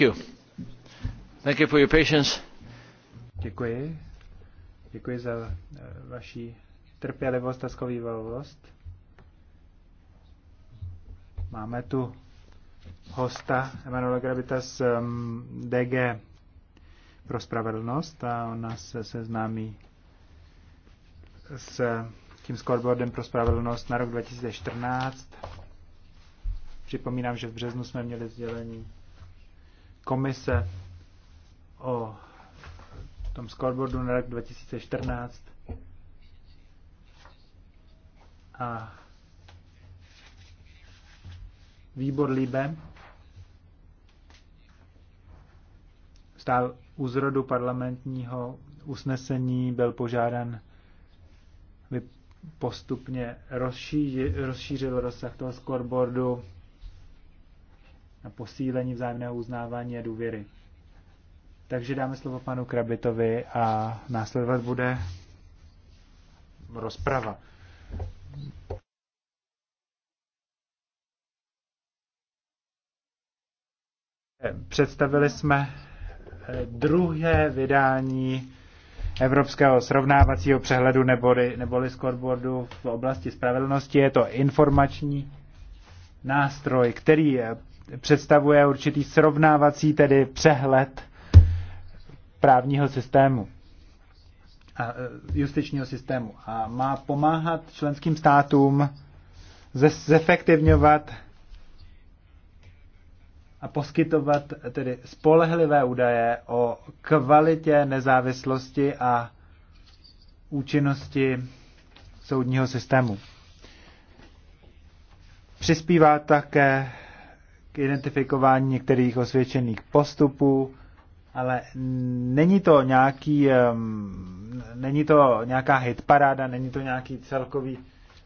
Děkuji. Děkuji za eh, vaši trpělivost a skovývalost. Máme tu hosta Emanuela Gravita z mm, DG pro spravedlnost a on nás se seznámí s tím scoreboardem pro spravedlnost na rok 2014. Připomínám, že v březnu jsme měli sdělení komise o tom scoreboardu na rok 2014 a výbor Líbe stál u zrodu parlamentního usnesení, byl požádán aby postupně rozšířil rozsah toho scoreboardu na posílení vzájemného uznávání a důvěry. Takže dáme slovo panu Krabitovi a následovat bude rozprava. Představili jsme eh, druhé vydání Evropského srovnávacího přehledu neboli, neboli scoreboardu v oblasti spravedlnosti. Je to informační nástroj, který představuje určitý srovnávací, tedy přehled právního systému a e, justičního systému a má pomáhat členským státům zefektivňovat a poskytovat tedy spolehlivé údaje o kvalitě nezávislosti a účinnosti soudního systému. Přispívá také identifikování některých osvědčených postupů, ale není to nějaký, není to nějaká hitparáda, není to nějaký celkový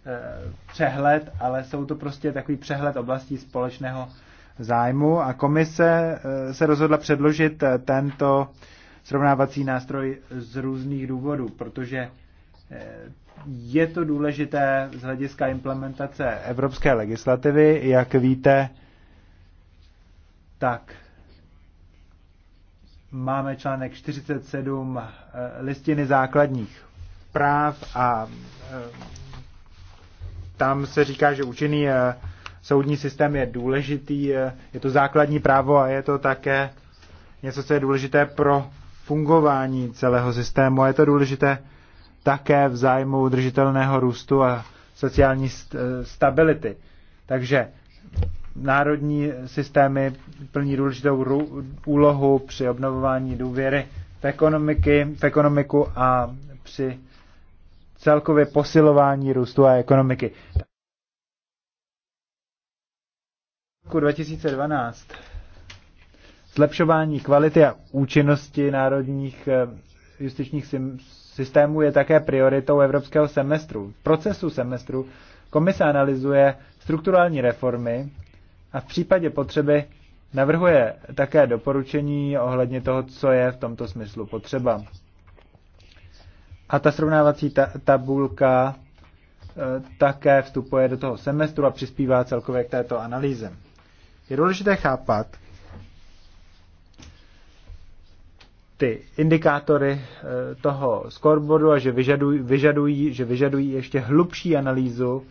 eh, přehled, ale jsou to prostě takový přehled oblastí společného zájmu a komise eh, se rozhodla předložit eh, tento srovnávací nástroj z různých důvodů, protože je to důležité z hlediska implementace evropské legislativy. Jak víte, tak máme článek 47 eh, listiny základních práv a eh, tam se říká, že účinný eh, soudní systém je důležitý, je to základní právo a je to také něco, co je důležité pro fungování celého systému a je to důležité také v zájmu udržitelného růstu a sociální stability. Takže národní systémy plní důležitou úlohu při obnovování důvěry v, ekonomiky, v ekonomiku a při celkově posilování růstu a ekonomiky. V roku 2012 zlepšování kvality a účinnosti národních eh, justičních systémů je také prioritou evropského semestru. V procesu semestru komise analyzuje strukturální reformy, a v případě potřeby navrhuje také doporučení ohledně toho, co je v tomto smyslu potřeba. A ta srovnávací ta- tabulka e, také vstupuje do toho semestru a přispívá celkově k této analýze. Je důležité chápat ty indikátory e, toho scoreboardu a že vyžadují, vyžadují, že vyžadují ještě hlubší analýzu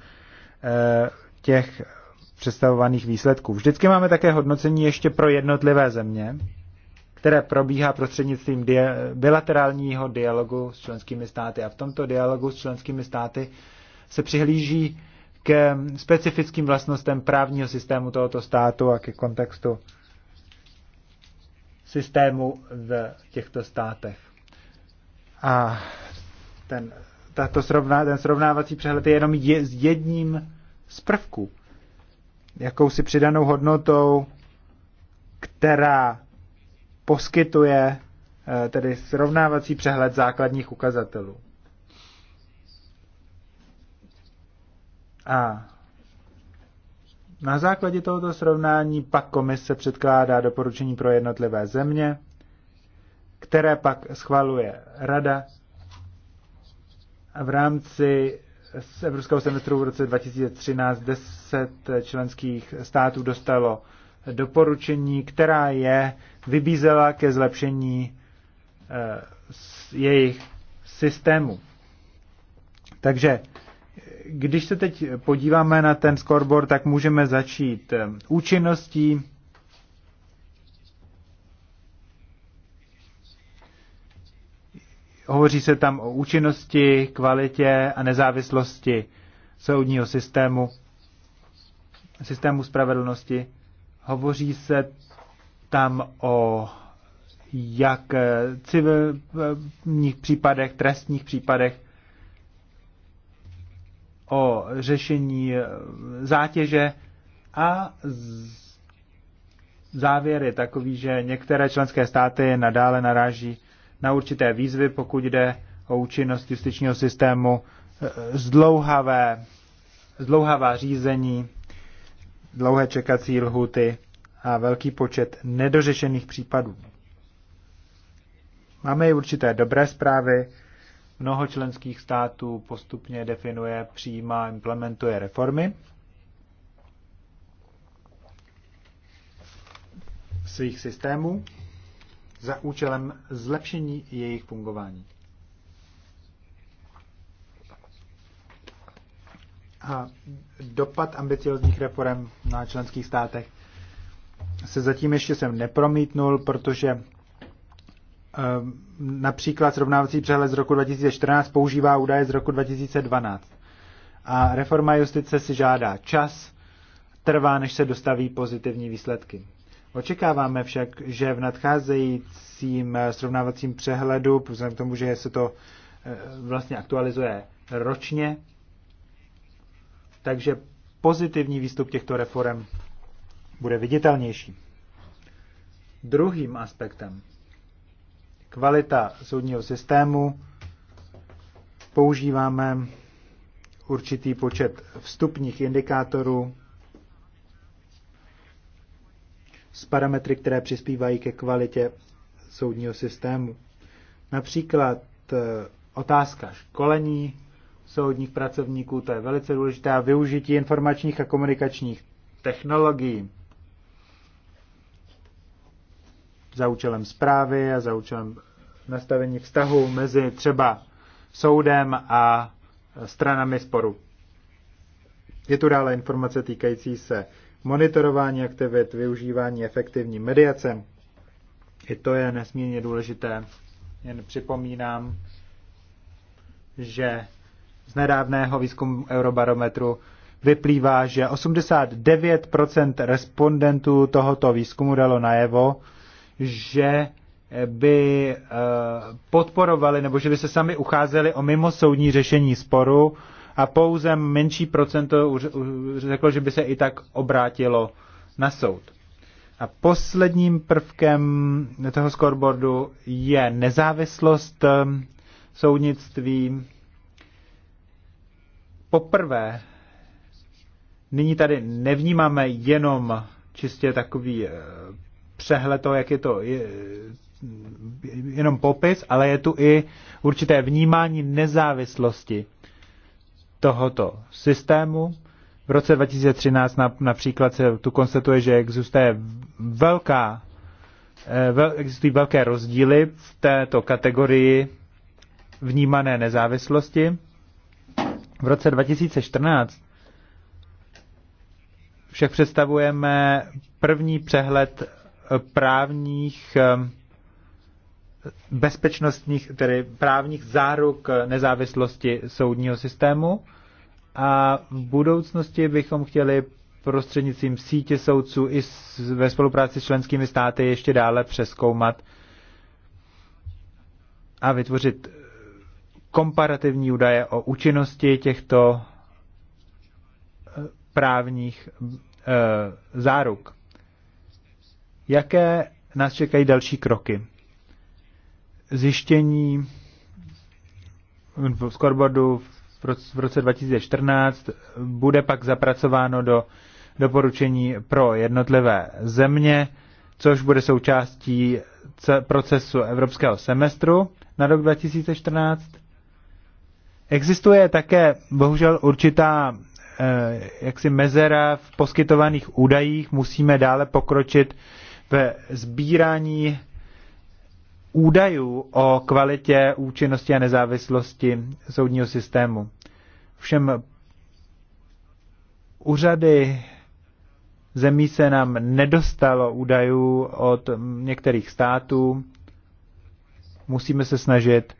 e, těch představovaných výsledků. Vždycky máme také hodnocení ještě pro jednotlivé země, které probíhá prostřednictvím dia- bilaterálního dialogu s členskými státy. A v tomto dialogu s členskými státy se přihlíží k specifickým vlastnostem právního systému tohoto státu a ke kontextu systému v těchto státech. A ten, tato srovná, ten srovnávací přehled je jenom je, s jedním z prvků jakousi přidanou hodnotou, která poskytuje eh, tedy srovnávací přehled základních ukazatelů. A na základě tohoto srovnání pak komise předkládá doporučení pro jednotlivé země, které pak schvaluje rada a v rámci z Evropského semestru v roce 2013 deset členských států dostalo doporučení, která je vybízela ke zlepšení eh, jejich systému. Takže když se teď podíváme na ten scoreboard, tak můžeme začít eh, účinností Hovoří se tam o účinnosti, kvalitě a nezávislosti soudního systému, systému spravedlnosti. Hovoří se tam o jak eh, civilních případech, trestních případech, o řešení eh, zátěže a závěr je takový, že některé členské státy nadále naráží na určité výzvy, pokud jde o účinnost justičního systému, eh, zdlouhavé, zdlouhavá řízení, dlouhé čekací lhuty a velký počet nedořešených případů. Máme i určité dobré zprávy. Mnoho členských států postupně definuje, přijímá, implementuje reformy svých systémů za účelem zlepšení jejich fungování. A dopad ambiciozních reform na členských státech se zatím ještě jsem nepromítnul, protože eh, například srovnávací přehled z roku 2014 používá údaje z roku 2012. A reforma justice si žádá čas, trvá, než se dostaví pozitivní výsledky. Očekáváme však, že v nadcházejícím eh, srovnávacím přehledu, vzhledem k tomu, že se to eh, vlastně aktualizuje ročně, takže pozitivní výstup těchto reform bude viditelnější. Druhým aspektem kvalita soudního systému. Používáme určitý počet vstupních indikátorů, s parametry, které přispívají ke kvalitě soudního systému. Například e, otázka školení soudních pracovníků, to je velice důležité, a využití informačních a komunikačních technologií za účelem zprávy a za účelem nastavení vztahu mezi třeba soudem a stranami sporu. Je tu dále informace týkající se monitorování aktivit, využívání efektivní mediace. I to je nesmírně důležité. Jen připomínám, že z nedávného výzkumu Eurobarometru vyplývá, že 89% respondentů tohoto výzkumu dalo najevo, že by eh, podporovali nebo že by se sami ucházeli o mimosoudní řešení sporu a pouze menší procento řeklo, že by se i tak obrátilo na soud. A posledním prvkem toho scoreboardu je nezávislost ehm, soudnictví. Poprvé nyní tady nevnímáme jenom čistě takový eh, přehled toho, jak je to je, jenom popis, ale je tu i určité vnímání nezávislosti tohoto systému. V roce 2013 například se tu konstatuje, že existuje velká, eh, vel, existují velké rozdíly v této kategorii vnímané nezávislosti. V roce 2014 však představujeme první přehled právních eh, bezpečnostních, tedy právních záruk nezávislosti soudního systému a v budoucnosti bychom chtěli prostřednictvím sítě soudců i ve spolupráci s členskými státy ještě dále přeskoumat a vytvořit komparativní údaje o účinnosti těchto eh, právních eh, záruk. Jaké nás čekají další kroky? zjištění v scoreboardu v roce 2014 bude pak zapracováno do doporučení pro jednotlivé země, což bude součástí procesu evropského semestru na rok 2014. Existuje také bohužel určitá eh, jaksi mezera v poskytovaných údajích. Musíme dále pokročit ve sbírání údajů o kvalitě, účinnosti a nezávislosti soudního systému. Všem úřady zemí se nám nedostalo údajů od některých států. Musíme se snažit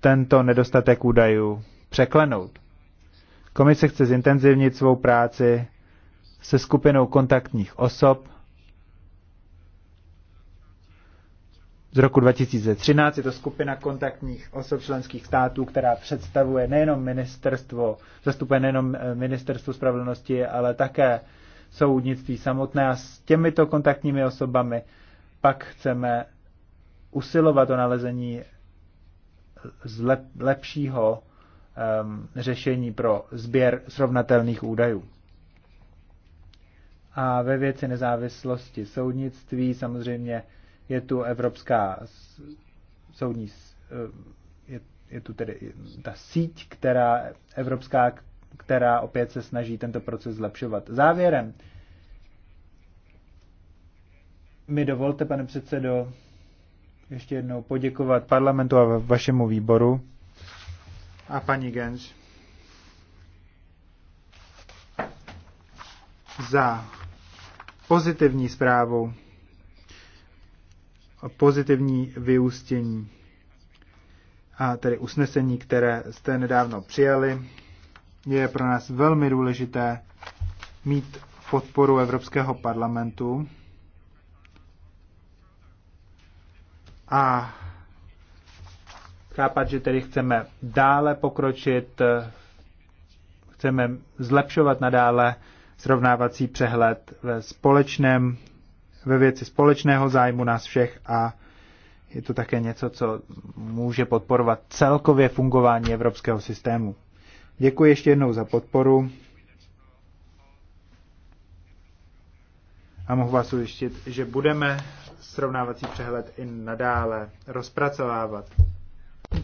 tento nedostatek údajů překlenout. Komise chce zintenzivnit svou práci se skupinou kontaktních osob z roku 2013. Je to skupina kontaktních osob členských států, která představuje nejenom ministerstvo, zastupuje nejenom eh, ministerstvo spravedlnosti, ale také soudnictví samotné a s těmito kontaktními osobami pak chceme usilovat o nalezení lepšího um, řešení pro sběr srovnatelných údajů. A ve věci nezávislosti soudnictví samozřejmě je tu Evropská soudní, eh, je, je tu tedy ta síť, která evropská, která opět se snaží tento proces zlepšovat. Závěrem mi dovolte, pane předsedo, ještě jednou poděkovat parlamentu a vašemu výboru a paní Gens za pozitivní zprávu pozitivní vyústění a tedy usnesení, které jste nedávno přijali, je pro nás velmi důležité mít podporu Evropského parlamentu a chápat, že tedy chceme dále pokročit, chceme zlepšovat nadále srovnávací přehled ve společném ve věci společného zájmu nás všech a je to také něco, co může podporovat celkově fungování evropského systému. Děkuji ještě jednou za podporu a mohu vás ujistit, že budeme srovnávací přehled i nadále rozpracovávat.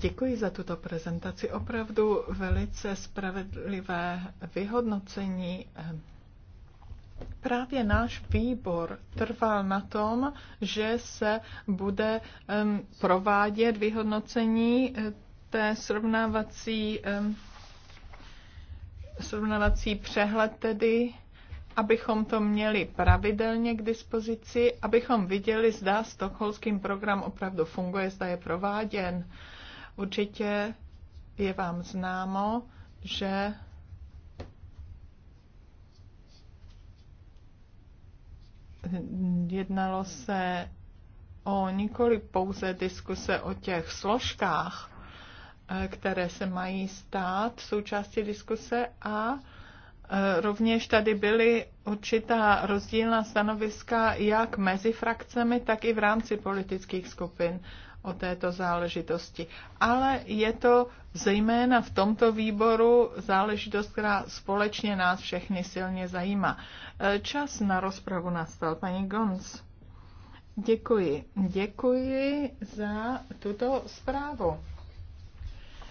Děkuji za tuto prezentaci. Opravdu velice spravedlivé vyhodnocení eh, Právě náš výbor trval na tom, že se bude um, provádět vyhodnocení eh, té srovnávací, um, srovnávací přehled tedy abychom to měli pravidelně k dispozici, abychom viděli, zda stokholským program opravdu funguje, zda je prováděn. Určitě je vám známo, že jednalo se o nikoli pouze diskuse o těch složkách, eh, které se mají stát součástí diskuse a eh, Rovněž tady byly určitá rozdílná stanoviska jak mezi frakcemi, tak i v rámci politických skupin o této záležitosti. Ale je to zejména v tomto výboru záležitost, která společně nás všechny silně zajímá. E, čas na rozpravu nastal. Paní Gons. Děkuji. Děkuji za tuto zprávu.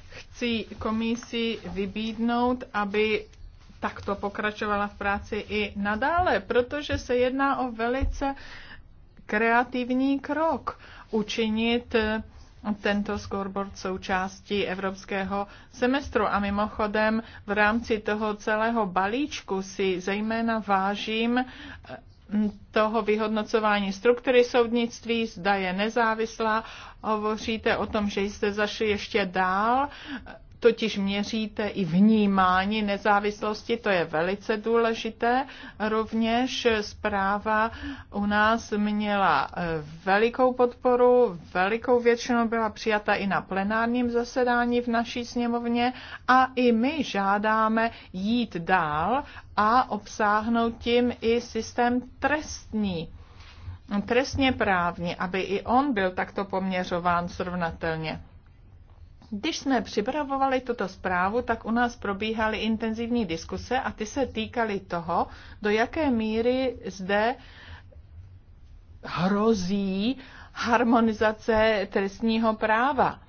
Chci komisi vybídnout, aby takto pokračovala v práci i nadále, protože se jedná o velice kreativní krok učinit eh, tento scoreboard součástí evropského semestru. A mimochodem v rámci toho celého balíčku si zejména vážím eh, toho vyhodnocování struktury soudnictví, zda je nezávislá. Hovoříte o tom, že jste zašli ještě dál totiž měříte i vnímání nezávislosti, to je velice důležité. Rovněž zpráva u nás měla eh, velikou podporu, velikou většinou byla přijata i na plenárním zasedání v naší sněmovně a i my žádáme jít dál a obsáhnout tím i systém trestní trestně právní, aby i on byl takto poměřován srovnatelně. Když jsme připravovali tuto zprávu, tak u nás probíhaly intenzivní diskuse a ty se týkaly toho, do jaké míry zde hrozí harmonizace trestního práva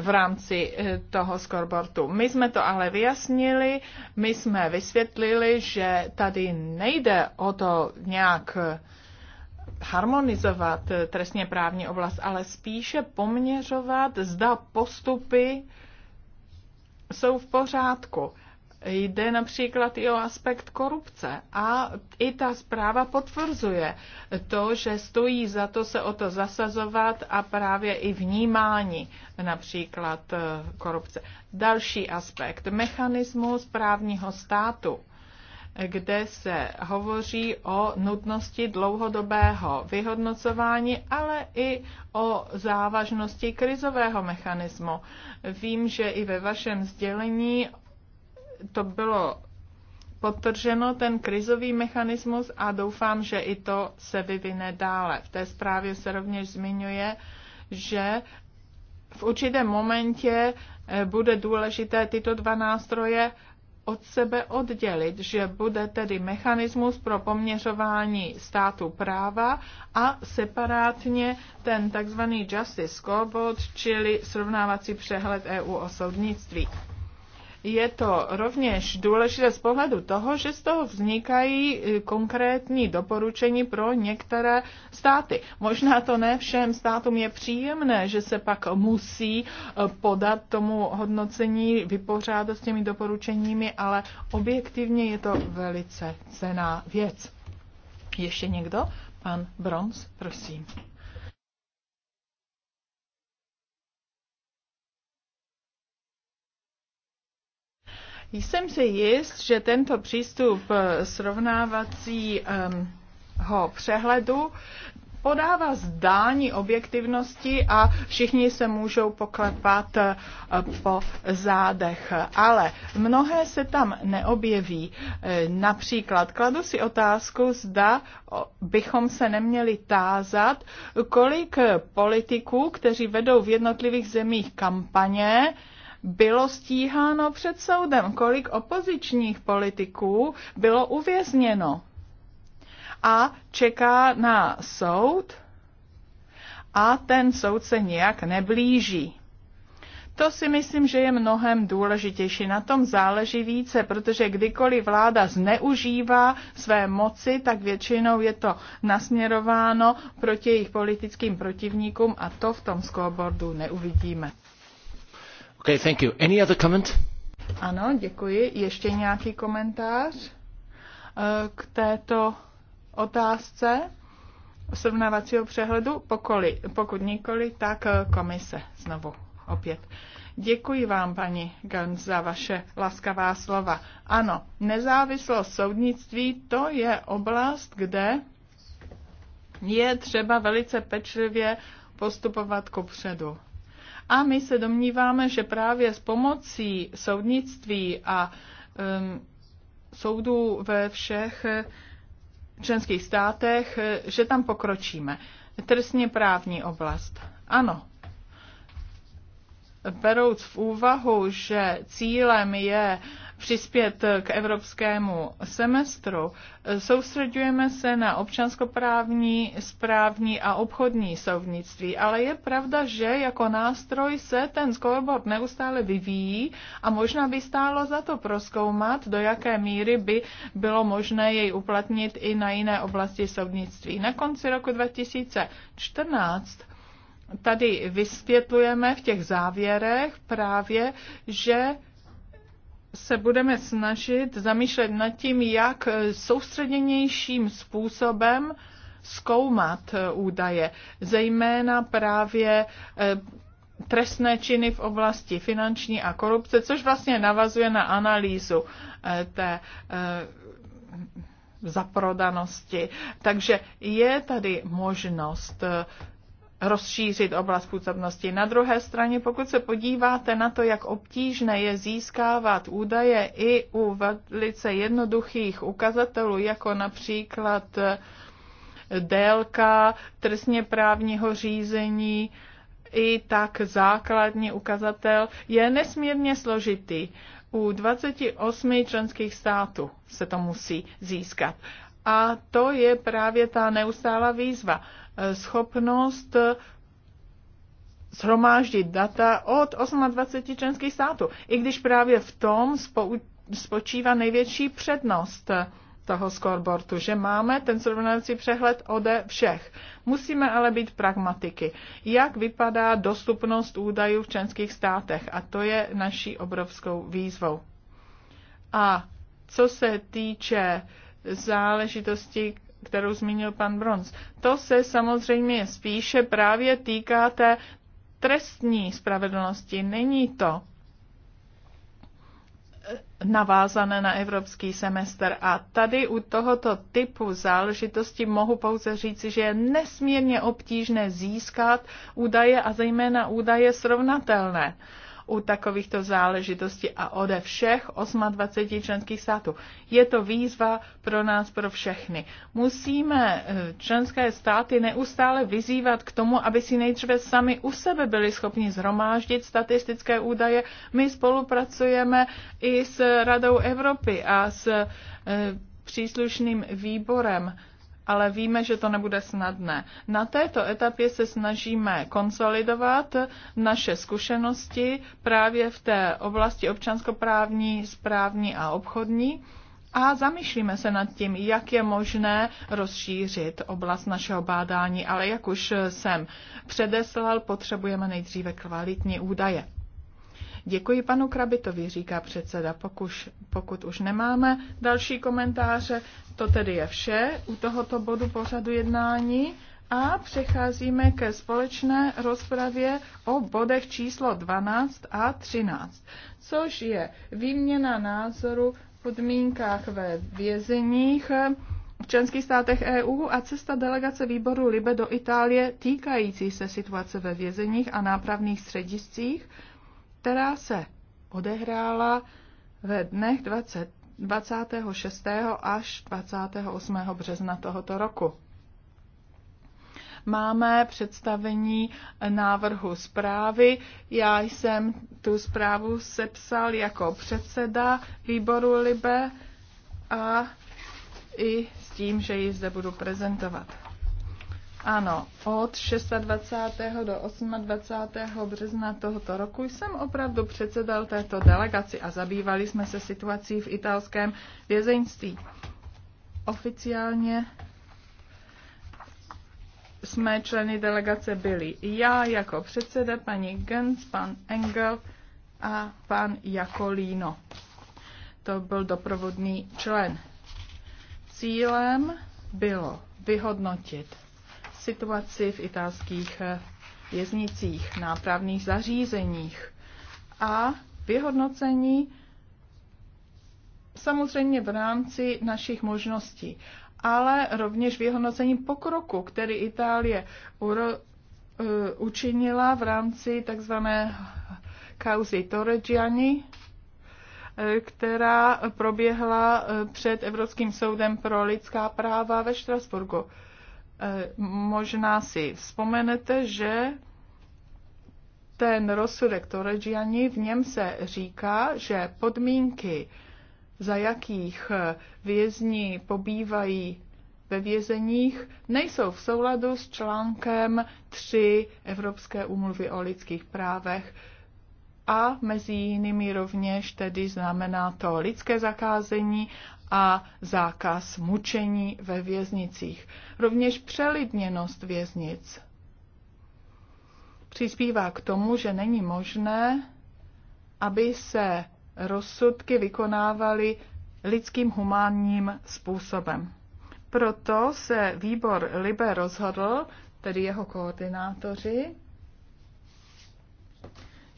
v rámci eh, toho scoreboardu. My jsme to ale vyjasnili, my jsme vysvětlili, že tady nejde o to nějak harmonizovat eh, trestně právní oblast, ale spíše poměřovat, zda postupy jsou v pořádku. Jde například i o aspekt korupce a i ta zpráva potvrzuje to, že stojí za to se o to zasazovat a právě i vnímání například eh, korupce. Další aspekt, mechanismus právního státu kde se hovoří o nutnosti dlouhodobého vyhodnocování, ale i o závažnosti krizového mechanismu. Vím, že i ve vašem sdělení to bylo potrženo ten krizový mechanismus a doufám, že i to se vyvine dále. V té zprávě se rovněž zmiňuje, že v určitém momentě eh, bude důležité tyto dva nástroje od sebe oddělit, že bude tedy mechanismus pro poměřování státu práva a separátně ten tzv. Justice Scoreboard, čili srovnávací přehled EU o soudnictví je to rovněž důležité z pohledu toho, že z toho vznikají e, konkrétní doporučení pro některé státy. Možná to ne všem státům je příjemné, že se pak musí e, podat tomu hodnocení, vypořádat s těmi doporučeními, ale objektivně je to velice cená věc. Ještě někdo? Pan Broms, prosím. Jsem si jist, že tento přístup eh, srovnávacího přehledu podává zdání objektivnosti a všichni se můžou poklepat eh, po zádech. Ale mnohé se tam neobjeví. Eh, například kladu si otázku, zda bychom se neměli tázat, kolik politiků, kteří vedou v jednotlivých zemích kampaně, bylo stíháno před soudem, kolik opozičních politiků bylo uvězněno a čeká na soud a ten soud se nějak neblíží. To si myslím, že je mnohem důležitější. Na tom záleží více, protože kdykoliv vláda zneužívá své moci, tak většinou je to nasměrováno proti jejich politickým protivníkům a to v tom scoreboardu neuvidíme. Okay, thank you. Any other comment? Ano, děkuji. Ještě nějaký komentář eh, k této otázce srovnávacího přehledu? Pokoli, pokud nikoli, tak eh, komise znovu opět. Děkuji vám, paní Gönz, za vaše laskavá slova. Ano, nezávislost soudnictví to je oblast, kde je třeba velice pečlivě postupovat ku předu. A my se domníváme, že právě s pomocí soudnictví a um, soudů ve všech eh, členských státech, eh, že tam pokročíme. Trestně právní oblast. Ano. Berouc v úvahu, že cílem je přispět k evropskému semestru, soustředujeme se na občanskoprávní, správní a obchodní soudnictví, ale je pravda, že jako nástroj se ten scoreboard neustále vyvíjí a možná by stálo za to proskoumat, do jaké míry by bylo možné jej uplatnit i na jiné oblasti soudnictví. Na konci roku 2014 tady vysvětlujeme v těch závěrech právě, že se budeme snažit zamýšlet nad tím, jak soustředěnějším způsobem zkoumat eh, údaje, zejména právě eh, trestné činy v oblasti finanční a korupce, což vlastně navazuje na analýzu eh, té zaprodanosti. Takže je tady možnost rozšířit oblast působnosti. Na druhé straně, pokud se podíváte na to, jak obtížné je získávat údaje i u velice jednoduchých ukazatelů, jako například eh, délka trestně právního řízení, i tak základní ukazatel je nesmírně složitý. U 28 členských států se to musí získat. A to je právě ta neustálá výzva. Schopnost shromáždit data od 28 členských států. I když právě v tom spočívá největší přednost toho scoreboardu, že máme ten srovnávací přehled ode všech. Musíme ale být pragmatiky. Jak vypadá dostupnost údajů v členských státech? A to je naší obrovskou výzvou. A co se týče záležitosti, kterou zmínil pan Bronz. To se samozřejmě spíše právě týká té trestní spravedlnosti. Není to navázané na evropský semestr. A tady u tohoto typu záležitosti mohu pouze říci, že je nesmírně obtížné získat údaje a zejména údaje srovnatelné u takovýchto záležitostí a ode všech 28 členských států. Je to výzva pro nás, pro všechny. Musíme eh, členské státy neustále vyzývat k tomu, aby si nejdříve sami u sebe byli schopni zhromáždit statistické údaje. My spolupracujeme i s Radou Evropy a s eh, příslušným výborem ale víme, že to nebude snadné. Na této etapě se snažíme konsolidovat naše zkušenosti právě v té oblasti občanskoprávní, správní a obchodní a zamýšlíme se nad tím, jak je možné rozšířit oblast našeho bádání, ale jak už jsem předeslal, potřebujeme nejdříve kvalitní údaje. Děkuji panu Krabitovi, říká předseda. Pokuž, pokud už nemáme další komentáře, to tedy je vše u tohoto bodu pořadu jednání. A přecházíme ke společné rozpravě o bodech číslo 12 a 13, což je výměna názoru v podmínkách ve vězeních v členských státech EU a cesta delegace výboru Libe do Itálie týkající se situace ve vězeních a nápravných střediscích která se odehrála ve dnech 20, 26. až 28. března tohoto roku. Máme představení návrhu zprávy. Já jsem tu zprávu sepsal jako předseda výboru Libe a i s tím, že ji zde budu prezentovat. Ano, od 26. do 28. března tohoto roku jsem opravdu předsedal této delegaci a zabývali jsme se situací v italském vězeňství. Oficiálně jsme členy delegace byli já jako předseda, paní Gens, pan Engel a pan Jakolíno. To byl doprovodný člen. Cílem bylo vyhodnotit situaci v italských eh, věznicích, nápravných zařízeních a vyhodnocení samozřejmě v rámci našich možností, ale rovněž vyhodnocení pokroku, který Itálie eh, učinila v rámci takzvané kauzy Torreggiani, eh, která proběhla před Evropským soudem pro lidská práva ve Štrasburgu. Eh, možná si vzpomenete, že ten rozsudek Toregiani, v něm se říká, že podmínky, za jakých eh, vězni pobývají ve vězeních, nejsou v souladu s článkem 3 Evropské úmluvy o lidských právech a mezi jinými rovněž tedy znamená to lidské zakázení a zákaz mučení ve věznicích. Rovněž přelidněnost věznic přispívá k tomu, že není možné, aby se rozsudky vykonávaly lidským humánním způsobem. Proto se výbor Libe rozhodl, tedy jeho koordinátoři,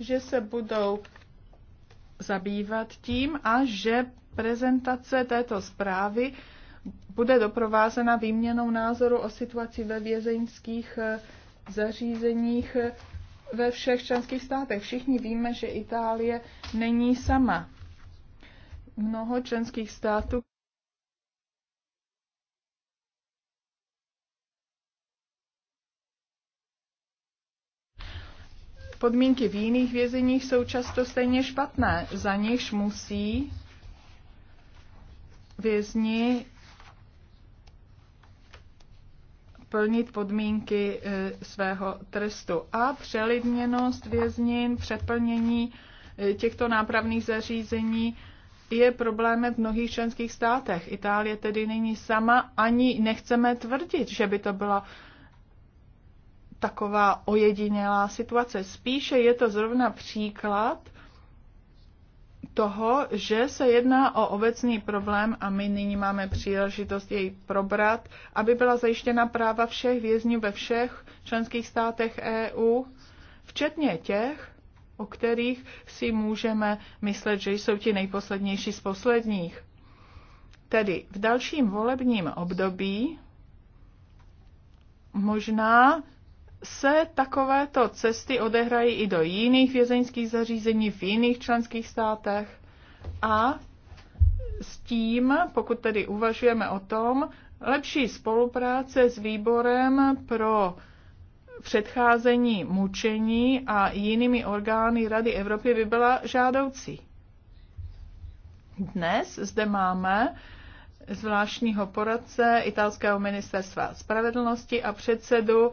že se budou zabývat tím a že Prezentace této zprávy bude doprovázena výměnou názoru o situaci ve vězeňských eh, zařízeních eh, ve všech členských státech. Všichni víme, že Itálie není sama. Mnoho členských států Podmínky v jiných vězeních jsou často stejně špatné. Za nichž musí vězni plnit podmínky e, svého trestu. A přelidněnost věznin, přeplnění e, těchto nápravných zařízení je problémem v mnohých členských státech. Itálie tedy není sama, ani nechceme tvrdit, že by to byla taková ojedinělá situace. Spíše je to zrovna příklad toho, že se jedná o obecný problém a my nyní máme příležitost jej probrat, aby byla zajištěna práva všech vězňů ve všech členských státech EU, včetně těch, o kterých si můžeme myslet, že jsou ti nejposlednější z posledních. Tedy v dalším volebním období možná se takovéto cesty odehrají i do jiných vězeňských zařízení v jiných členských státech a s tím, pokud tedy uvažujeme o tom, lepší spolupráce s výborem pro předcházení mučení a jinými orgány Rady Evropy by byla žádoucí. Dnes zde máme zvláštního poradce italského ministerstva spravedlnosti a předsedu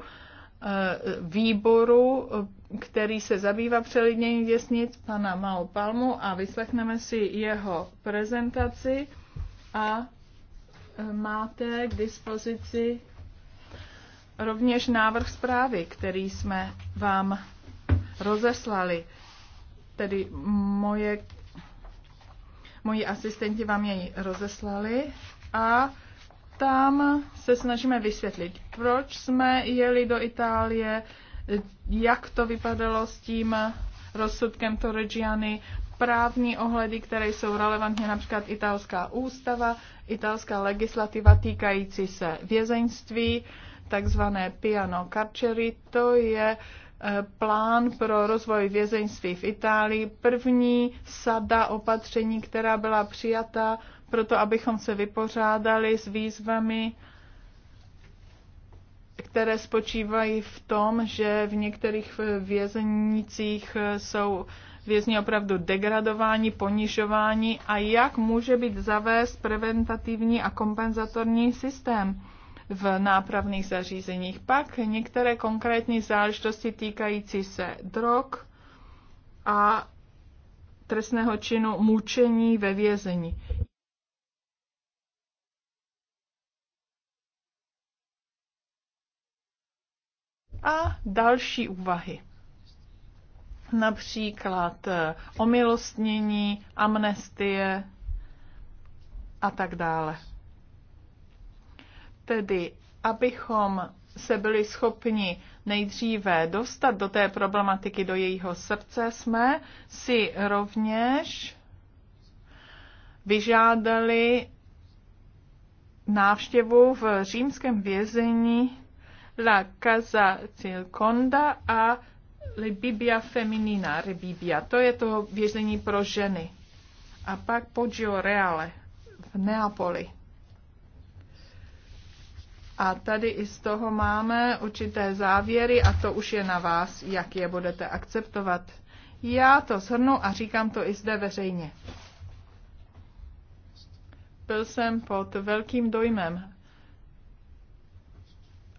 výboru, který se zabývá přelidněním děsnic, pana Mao Palmu a vyslechneme si jeho prezentaci a e, máte k dispozici rovněž návrh zprávy, který jsme vám rozeslali. Tedy moje, moji asistenti vám jej rozeslali a tam se snažíme vysvětlit, proč jsme jeli do Itálie, jak to vypadalo s tím rozsudkem Torregiany, právní ohledy, které jsou relevantní, například italská ústava, italská legislativa týkající se vězeňství, takzvané piano carceri, to je eh, plán pro rozvoj vězeňství v Itálii, první sada opatření, která byla přijata proto abychom se vypořádali s výzvami, které spočívají v tom, že v některých věznicích jsou vězni opravdu degradováni, ponižováni a jak může být zavést preventativní a kompenzatorní systém v nápravných zařízeních. Pak některé konkrétní záležitosti týkající se drog a trestného činu mučení ve vězení. a další úvahy. Například eh, omilostnění, amnestie a tak dále. Tedy, abychom se byli schopni nejdříve dostat do té problematiky, do jejího srdce, jsme si rovněž vyžádali návštěvu v římském vězení la Casa Cilconda a Libibia Feminina Rebibia. To je to vězení pro ženy. A pak Poggio Reale v Neapoli. A tady i z toho máme určité závěry a to už je na vás, jak je budete akceptovat. Já to shrnu a říkám to i zde veřejně. Byl jsem pod velkým dojmem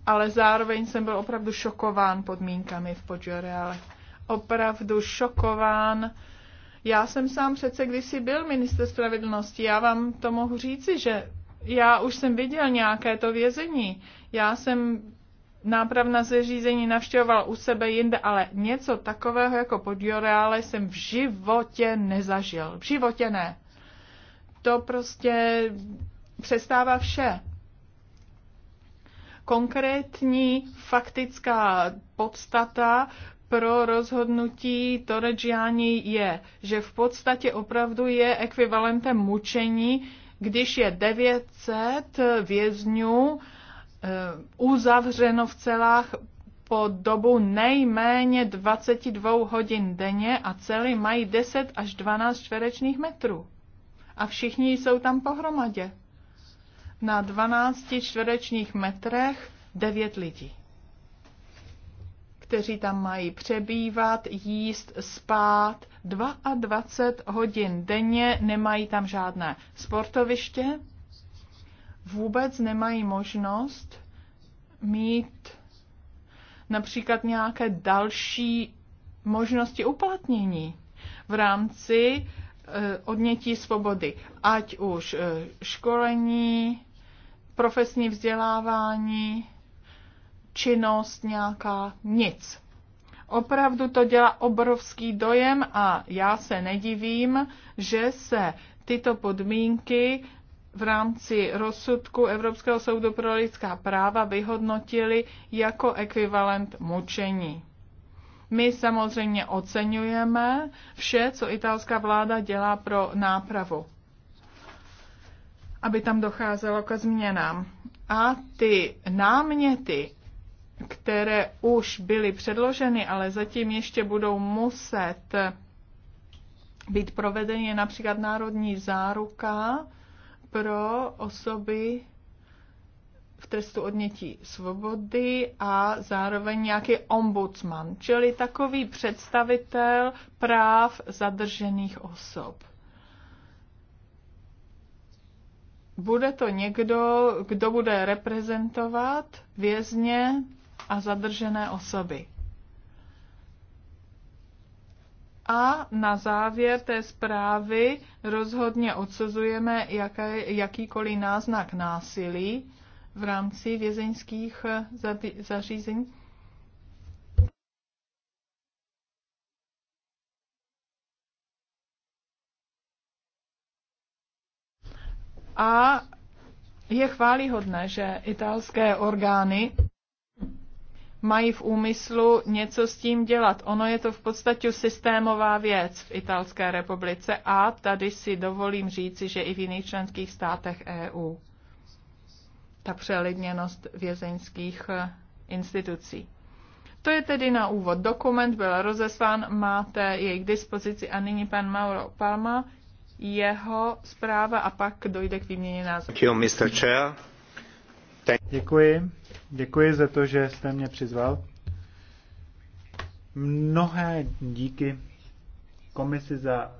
ale zároveň jsem byl opravdu šokován podmínkami v Podžoreale. Opravdu šokován. Já jsem sám přece kdysi byl minister spravedlnosti, já vám to mohu říci, že já už jsem viděl nějaké to vězení. Já jsem nápravna zařízení navštěvoval u sebe jinde, ale něco takového jako Podjoreále jsem v životě nezažil. V životě ne. To prostě přestává vše konkrétní faktická podstata pro rozhodnutí Toregiani je, že v podstatě opravdu je ekvivalentem mučení, když je 900 vězňů eh, uzavřeno v celách po dobu nejméně 22 hodin denně a celý mají 10 až 12 čtverečních metrů. A všichni jsou tam pohromadě na 12 čtverečních metrech 9 lidí, kteří tam mají přebývat, jíst, spát 22 hodin denně, nemají tam žádné sportoviště, vůbec nemají možnost mít například nějaké další možnosti uplatnění v rámci eh, odnětí svobody, ať už eh, školení, profesní vzdělávání, činnost nějaká, nic. Opravdu to dělá obrovský dojem a já se nedivím, že se tyto podmínky v rámci rozsudku Evropského soudu pro lidská práva vyhodnotili jako ekvivalent mučení. My samozřejmě oceňujeme vše, co italská vláda dělá pro nápravu aby tam docházelo ke změnám. A ty náměty, které už byly předloženy, ale zatím ještě budou muset být provedeny, například národní záruka pro osoby v trestu odnětí svobody a zároveň nějaký ombudsman, čili takový představitel práv zadržených osob. bude to někdo, kdo bude reprezentovat vězně a zadržené osoby. A na závěr té zprávy rozhodně odsuzujeme jaké, jakýkoliv náznak násilí v rámci vězeňských zařízení A je chválihodné, že italské orgány mají v úmyslu něco s tím dělat. Ono je to v podstatě systémová věc v Italské republice a tady si dovolím říci, že i v jiných členských státech EU. Ta přelidněnost vězeňských eh, institucí. To je tedy na úvod. Dokument byl rozeslán, máte jej k dispozici a nyní pan Mauro Palma jeho zpráva a pak dojde k výměně názorů. Děkuji. Děkuji za to, že jste mě přizval. Mnohé díky komisi za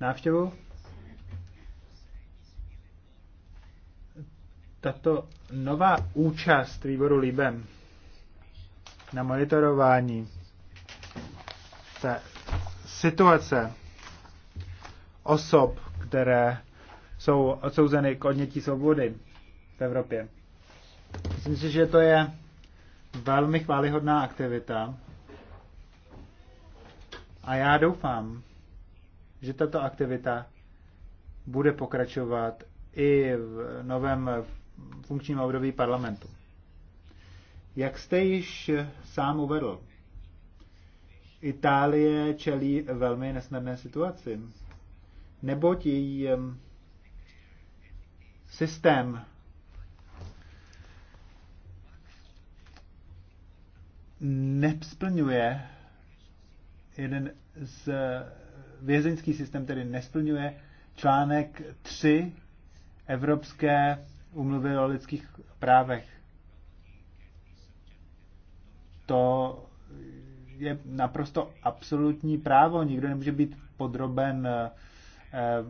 návštěvu. Tato nová účast výboru Líbem na monitorování se situace osob, které jsou odsouzeny k odnětí svobody v Evropě. Myslím si, že to je velmi chválihodná aktivita. A já doufám, že tato aktivita bude pokračovat i v novém funkčním období parlamentu. Jak jste již sám uvedl, Itálie čelí velmi nesnadné situaci neboť její systém nesplňuje jeden z eh, vězeňský systém tedy nesplňuje článek 3 Evropské umluvy o lidských právech. To je naprosto absolutní právo. Nikdo nemůže být podroben eh, Eh,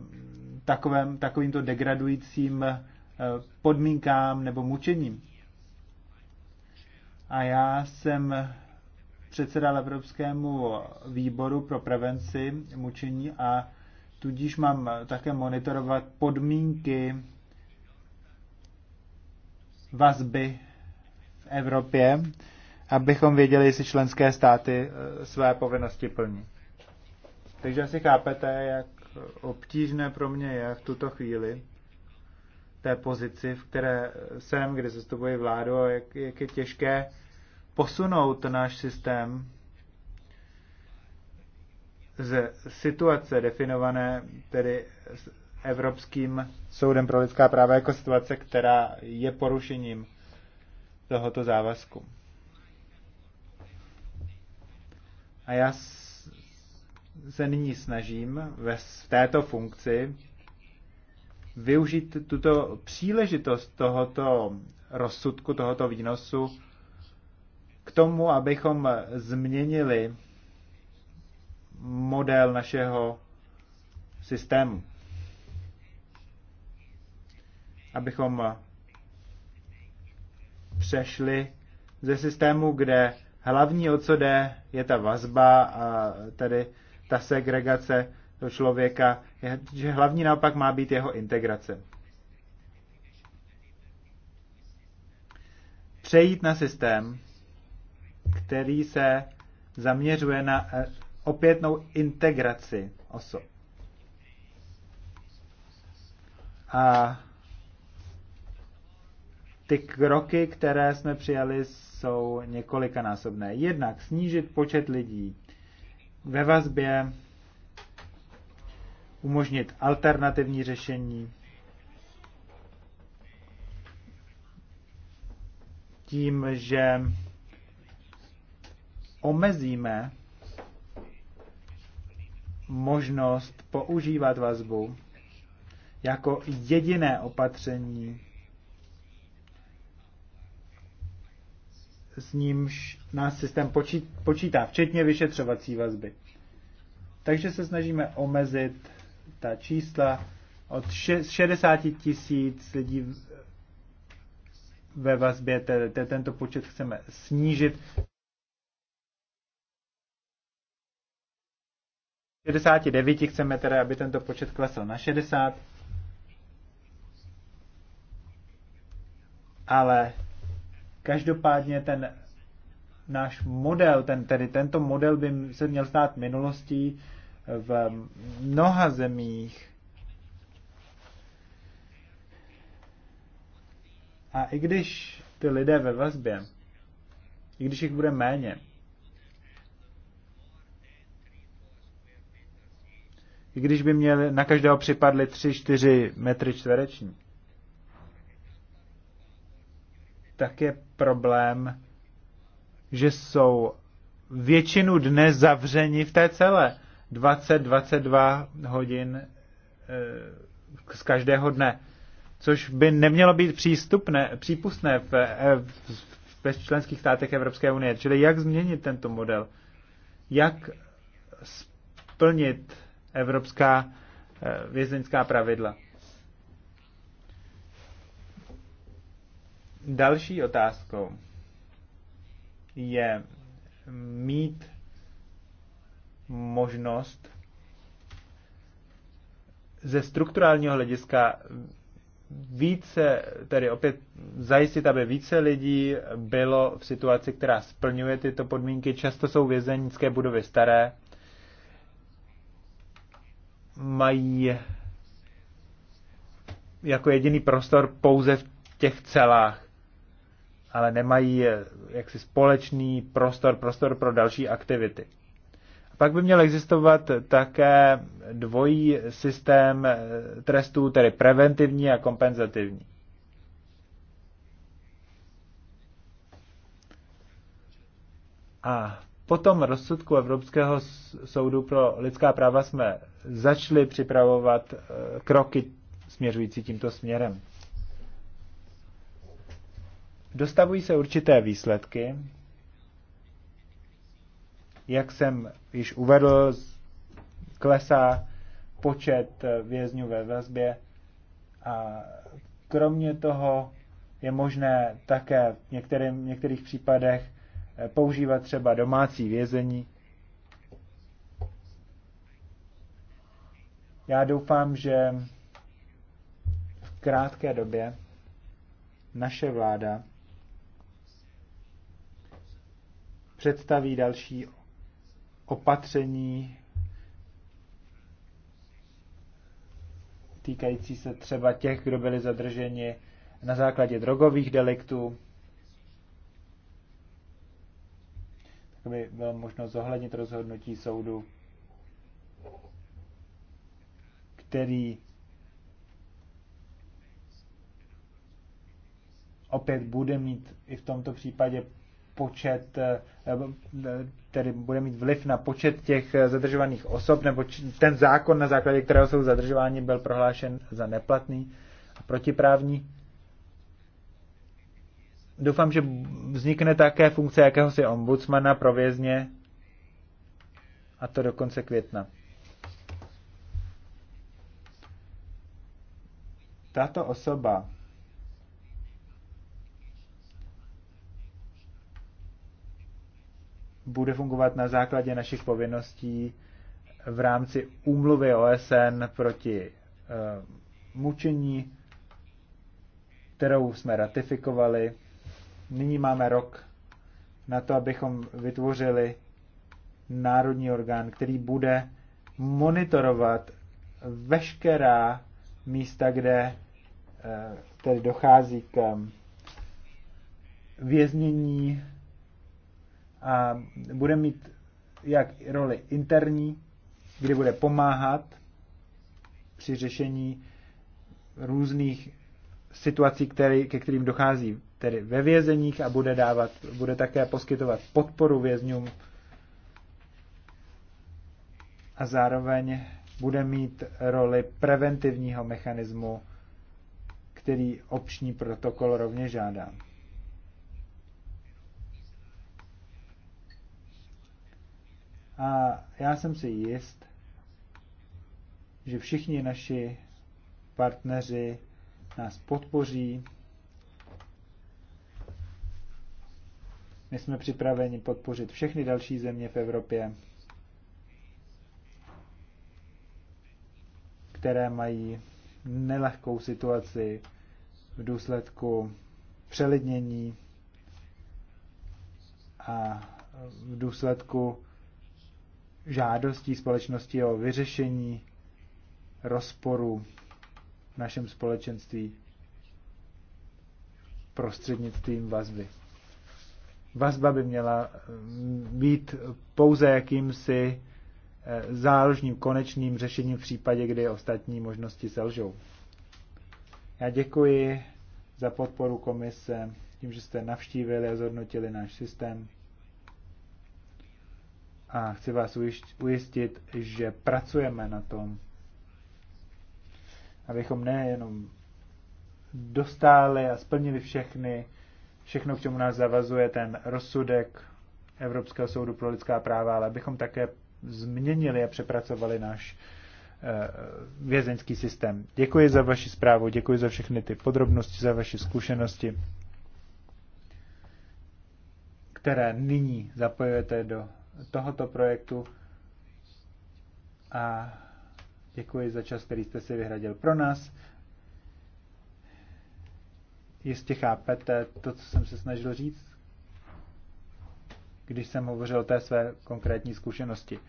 takovém, takovýmto degradujícím eh, podmínkám nebo mučením. A já jsem předsedal Evropskému výboru pro prevenci mučení a tudíž mám také monitorovat podmínky vazby v Evropě, abychom věděli, jestli členské státy eh, své povinnosti plní. Takže asi chápete, jak obtížné pro mě je v tuto chvíli té pozici, v které jsem, kde zastupuji vládu a jak, jak je těžké posunout náš systém ze situace definované tedy Evropským soudem pro lidská práva jako situace, která je porušením tohoto závazku. A já se nyní snažím ve, v této funkci využít tuto příležitost tohoto rozsudku, tohoto výnosu k tomu, abychom změnili model našeho systému. Abychom přešli ze systému, kde hlavní, o co jde, je ta vazba a tedy ta segregace toho člověka, že hlavní naopak má být jeho integrace. Přejít na systém, který se zaměřuje na eh, opětnou integraci osob. A ty kroky, které jsme přijali, jsou několikanásobné. Jednak snížit počet lidí, ve vazbě, umožnit alternativní řešení, tím, že omezíme možnost používat vazbu jako jediné opatření, s nímž náš systém počítá, včetně vyšetřovací vazby. Takže se snažíme omezit ta čísla od 60 tisíc lidí ve vazbě, te, te, tento počet chceme snížit. 69 chceme teda, aby tento počet klesl na 60. Ale každopádně ten náš model, ten, tedy tento model by se měl stát minulostí v mnoha zemích. A i když ty lidé ve vazbě, i když jich bude méně, i když by měli na každého připadly 3-4 metry čtvereční, tak je problém že jsou většinu dne zavřeni v té celé. 20-22 hodin eh, z každého dne, což by nemělo být přístupné, přípustné v, eh, v, v členských státech Evropské unie. Čili jak změnit tento model? Jak splnit evropská eh, vězeňská pravidla? Další otázkou je mít možnost ze strukturálního hlediska více, tedy opět zajistit, aby více lidí bylo v situaci, která splňuje tyto podmínky. Často jsou vězenické budovy staré, mají jako jediný prostor pouze v těch celách ale nemají eh, jaksi společný prostor, prostor pro další aktivity. A pak by měl existovat také dvojí systém eh, trestů, tedy preventivní a kompenzativní. A potom rozsudku Evropského soudu pro lidská práva jsme začali připravovat eh, kroky směřující tímto směrem. Dostavují se určité výsledky. Jak jsem již uvedl, klesá počet vězňů ve vazbě a kromě toho je možné také v některým, některých případech eh, používat třeba domácí vězení. Já doufám, že v krátké době naše vláda představí další opatření týkající se třeba těch, kdo byli zadrženi na základě drogových deliktů, tak by bylo možno zohlednit rozhodnutí soudu, který opět bude mít i v tomto případě počet, eh, eh, tedy bude mít vliv na počet těch eh, zadržovaných osob, nebo ten zákon, na základě kterého jsou zadržováni, byl prohlášen za neplatný a protiprávní. Doufám, že vznikne také funkce jakéhosi ombudsmana pro vězně, a to do konce května. Tato osoba bude fungovat na základě našich povinností v rámci úmluvy OSN proti eh, mučení, kterou jsme ratifikovali. Nyní máme rok na to, abychom vytvořili národní orgán, který bude monitorovat veškerá místa, kde eh, tedy dochází k eh, věznění a bude mít jak roli interní, kdy bude pomáhat při řešení různých situací, který, ke kterým dochází tedy ve vězeních a bude, dávat, bude také poskytovat podporu vězňům a zároveň bude mít roli preventivního mechanismu, který obční protokol rovně žádá. A já jsem si jist, že všichni naši partneři nás podpoří. My jsme připraveni podpořit všechny další země v Evropě, které mají nelehkou situaci v důsledku přelidnění a v důsledku žádostí společnosti o vyřešení rozporu v našem společenství prostřednictvím vazby. Vazba by měla mm, být pouze jakýmsi eh, záložním konečným řešením v případě, kdy ostatní možnosti selžou. Já děkuji za podporu komise tím, že jste navštívili a zhodnotili náš systém a chci vás ujistit, že pracujeme na tom, abychom nejenom dostáli a splnili všechny, všechno, k čemu nás zavazuje ten rozsudek Evropského soudu pro lidská práva, ale abychom také změnili a přepracovali náš eh, vězeňský systém. Děkuji za vaši zprávu, děkuji za všechny ty podrobnosti, za vaše zkušenosti, které nyní zapojujete do tohoto projektu a děkuji za čas, který jste si vyhradil pro nás. Jistě chápete to, co jsem se snažil říct, když jsem hovořil o té své konkrétní zkušenosti.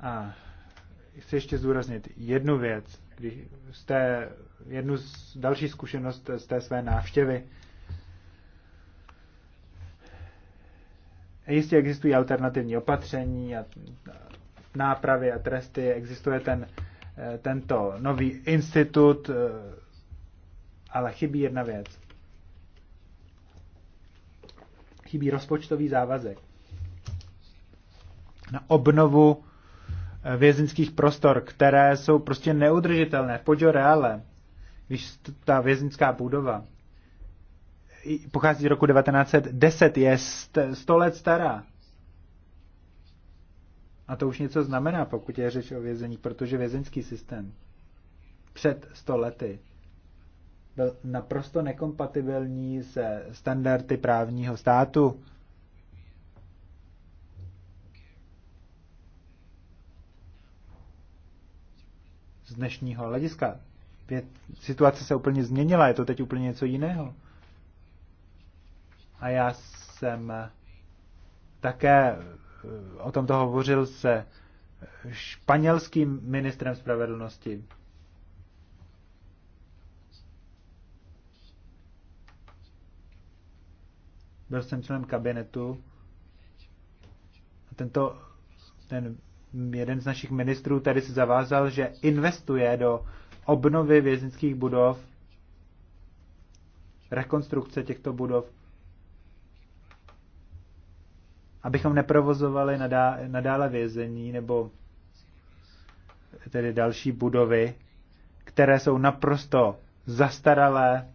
A chci ještě zúraznit jednu věc, když jste jednu z další zkušenost z té své návštěvy Jistě existují alternativní opatření a nápravy a tresty. Existuje ten, eh, tento nový institut, eh, ale chybí jedna věc. Chybí rozpočtový závazek na obnovu eh, vězinských prostor, které jsou prostě neudržitelné. V Poggio Reale, když ta věznická budova pochází z roku 1910, je 100 let stará. A to už něco znamená, pokud je řeč o vězení, protože vězeňský systém před 100 lety byl naprosto nekompatibilní se standardy právního státu. Z dnešního hlediska. Situace se úplně změnila, je to teď úplně něco jiného a já jsem také eh, o tomto hovořil se španělským ministrem spravedlnosti. Byl jsem členem kabinetu a tento ten jeden z našich ministrů tady se zavázal, že investuje do obnovy věznických budov, rekonstrukce těchto budov abychom neprovozovali nadá, nadále vězení nebo tedy další budovy, které jsou naprosto zastaralé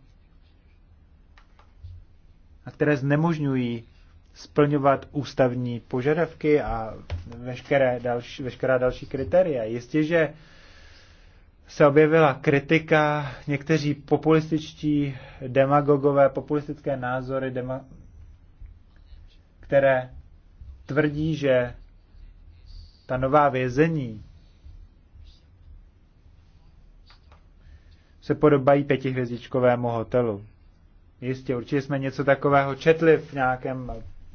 a které znemožňují splňovat ústavní požadavky a veškeré další, veškerá další kritéria. Jistě, že se objevila kritika, někteří populističtí demagogové, populistické názory, dema, které tvrdí, že ta nová vězení se podobají pětihvězdičkovému hotelu. Jistě, určitě jsme něco takového četli v nějakém,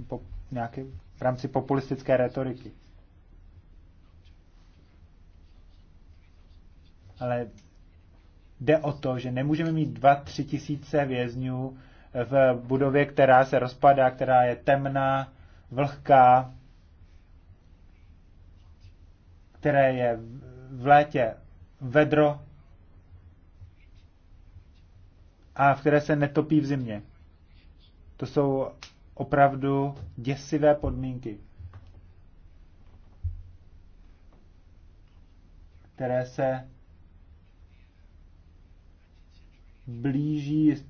po, nějakém v rámci populistické retoriky. Ale jde o to, že nemůžeme mít dva tři tisíce vězňů v budově, která se rozpadá, která je temná, vlhká, které je v létě vedro a v které se netopí v zimě. To jsou opravdu děsivé podmínky, které se blíží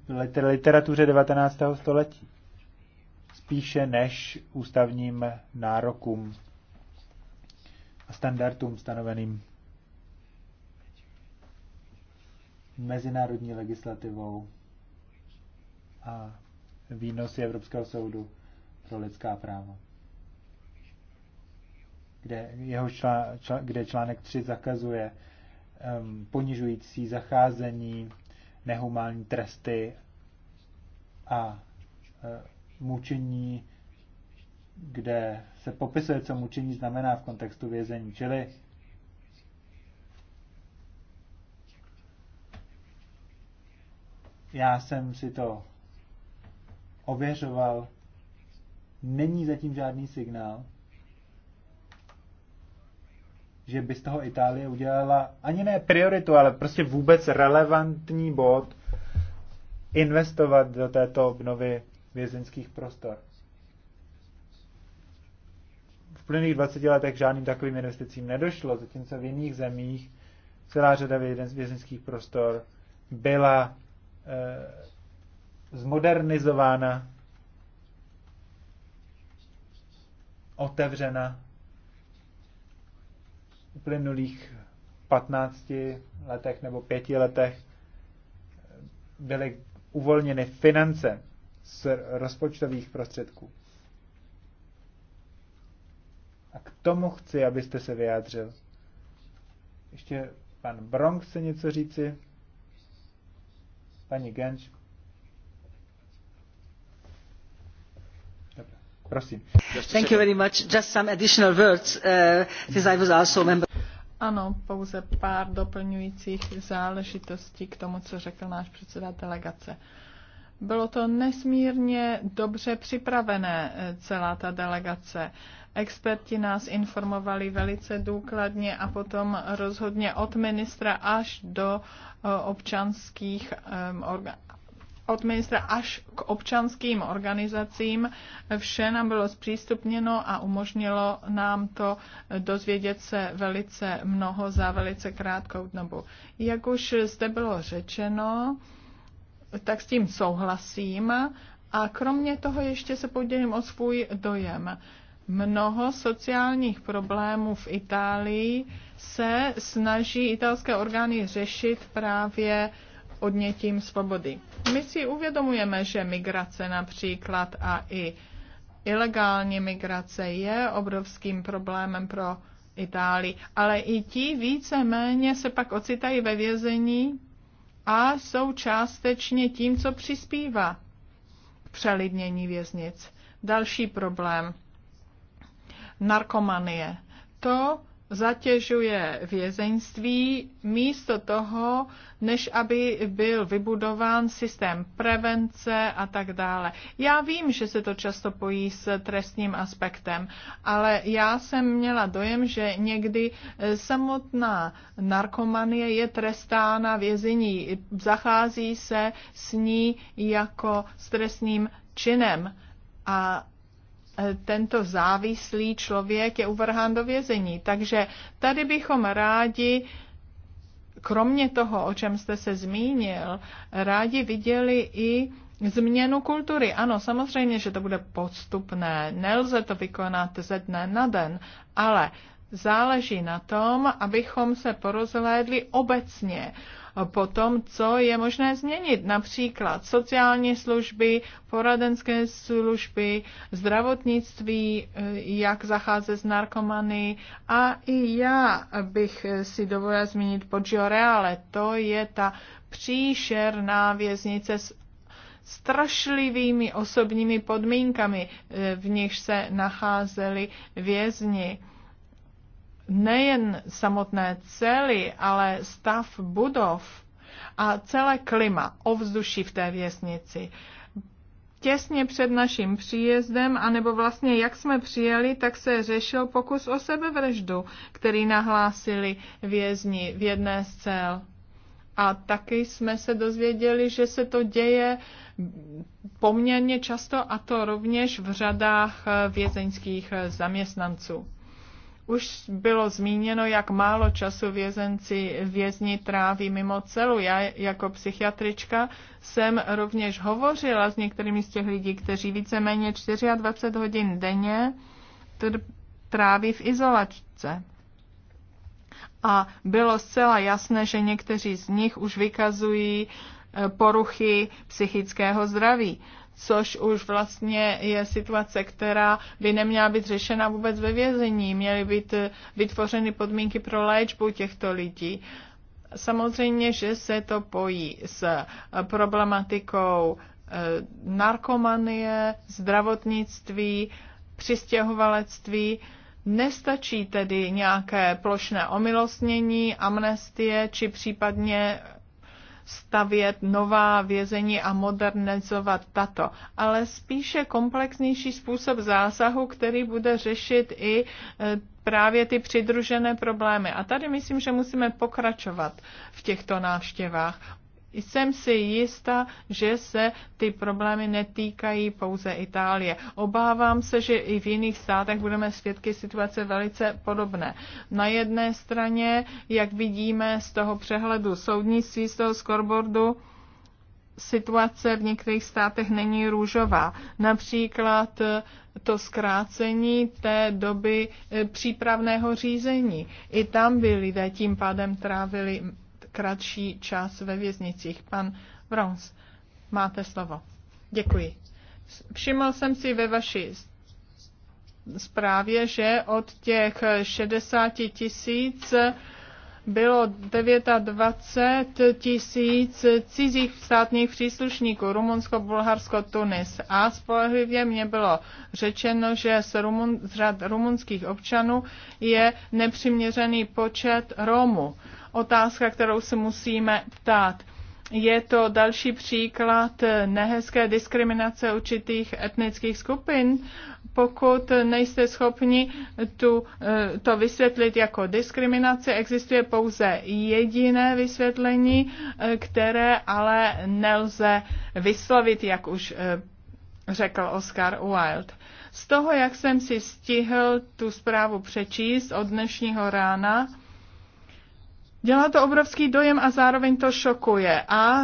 literatuře 19. století spíše než ústavním nárokům a standardům stanoveným mezinárodní legislativou a výnosy Evropského soudu pro lidská práva, kde, jeho člá, čl, kde článek 3 zakazuje um, ponižující zacházení, nehumální tresty a uh, mučení, kde se popisuje, co mučení znamená v kontextu vězení. Čili já jsem si to ověřoval. Není zatím žádný signál, že by z toho Itálie udělala ani ne prioritu, ale prostě vůbec relevantní bod investovat do této obnovy vězeňských prostor. V plných 20 letech žádným takovým investicím nedošlo, zatímco v jiných zemích celá řada vězeňských prostor byla e, zmodernizována, otevřena v plynulých 15 letech nebo 5 letech byly uvolněny finance z rozpočtových prostředků. A k tomu chci, abyste se vyjádřil. Ještě pan Bronk chce něco říci. Paní Genč. Prosím. Thank you very much. Just some additional words, uh, since I was also member. Ano, pouze pár doplňujících záležitostí k tomu, co řekl náš předseda delegace. Uh, bylo to nesmírně dobře připravené, eh, celá ta delegace. Experti nás informovali velice důkladně a potom rozhodně od ministra až do eh, občanských ehm, od ministra až k občanským organizacím. Vše nám bylo zpřístupněno a umožnilo nám to eh, dozvědět se velice mnoho za velice krátkou dobu. Jak už zde bylo řečeno, tak s tím souhlasím. A kromě toho ještě se podělím o svůj dojem. Mnoho sociálních problémů v Itálii se snaží italské orgány řešit právě odnětím svobody. My si uvědomujeme, že migrace například a i ilegální migrace je obrovským problémem pro Itálii, ale i ti více méně se pak ocitají ve vězení a jsou částečně tím, co přispívá k přelidnění věznic. Další problém. Narkomanie. To zatěžuje vězeňství místo toho, než aby byl vybudován systém prevence a tak dále. Já vím, že se to často pojí s trestním aspektem, ale já jsem měla dojem, že někdy eh, samotná narkomanie je trestána vězení. Zachází se s ní jako s trestným činem. A tento závislý člověk je uvrhán do vězení. Takže tady bychom rádi, kromě toho, o čem jste se zmínil, rádi viděli i změnu kultury. Ano, samozřejmě, že to bude postupné, nelze to vykonat ze dne na den, ale záleží na tom, abychom se porozhlédli obecně po tom, co je možné změnit. Například sociální služby, poradenské služby, zdravotnictví, eh, jak zacházet s narkomany. A i já bych si dovolila změnit Poggio Reale. To je ta příšerná věznice s strašlivými osobními podmínkami, eh, v nich se nacházeli vězni nejen samotné cely, ale stav budov a celé klima, ovzduší v té věznici. Těsně před naším příjezdem, anebo vlastně jak jsme přijeli, tak se řešil pokus o sebevraždu, který nahlásili vězni v jedné z cel. A taky jsme se dozvěděli, že se to děje poměrně často a to rovněž v řadách eh, vězeňských eh, zaměstnanců. Už bylo zmíněno, jak málo času vězenci vězni tráví mimo celu. Já jako psychiatrička jsem rovněž hovořila s některými z těch lidí, kteří víceméně 24 hodin denně tráví v izolačce. A bylo zcela jasné, že někteří z nich už vykazují eh, poruchy psychického zdraví což už vlastně je situace, která by neměla být řešena vůbec ve vězení. Měly být eh, vytvořeny podmínky pro léčbu těchto lidí. Samozřejmě, že se to pojí s eh, problematikou eh, narkomanie, zdravotnictví, přistěhovalectví. Nestačí tedy nějaké plošné omilostnění, amnestie či případně stavět nová vězení a modernizovat tato, ale spíše komplexnější způsob zásahu, který bude řešit i e, právě ty přidružené problémy. A tady myslím, že musíme pokračovat v těchto návštěvách. Jsem si jista, že se ty problémy netýkají pouze Itálie. Obávám se, že i v jiných státech budeme svědky situace velice podobné. Na jedné straně, jak vidíme z toho přehledu soudnictví, z toho scoreboardu, situace v některých státech není růžová. Například eh, to zkrácení té doby eh, přípravného řízení. I tam by lidé tím pádem trávili kratší čas ve věznicích. Pan Vrons, máte slovo. Děkuji. Všiml jsem si ve vaší zprávě, že od těch 60 tisíc bylo 29 tisíc cizích státních příslušníků Rumunsko, Bulharsko, Tunis. A spolehlivě mě bylo řečeno, že z, Rumun, z řad rumunských občanů je nepřiměřený počet Romů otázka, kterou se musíme ptát. Je to další příklad nehezké diskriminace určitých etnických skupin, pokud nejste schopni tu, eh, to vysvětlit jako diskriminace. existuje pouze jediné vysvětlení, eh, které ale nelze vyslovit, jak už eh, řekl Oscar Wilde. Z toho, jak jsem si stihl tu zprávu přečíst od dnešního rána, Dělá to obrovský dojem a zároveň to šokuje. A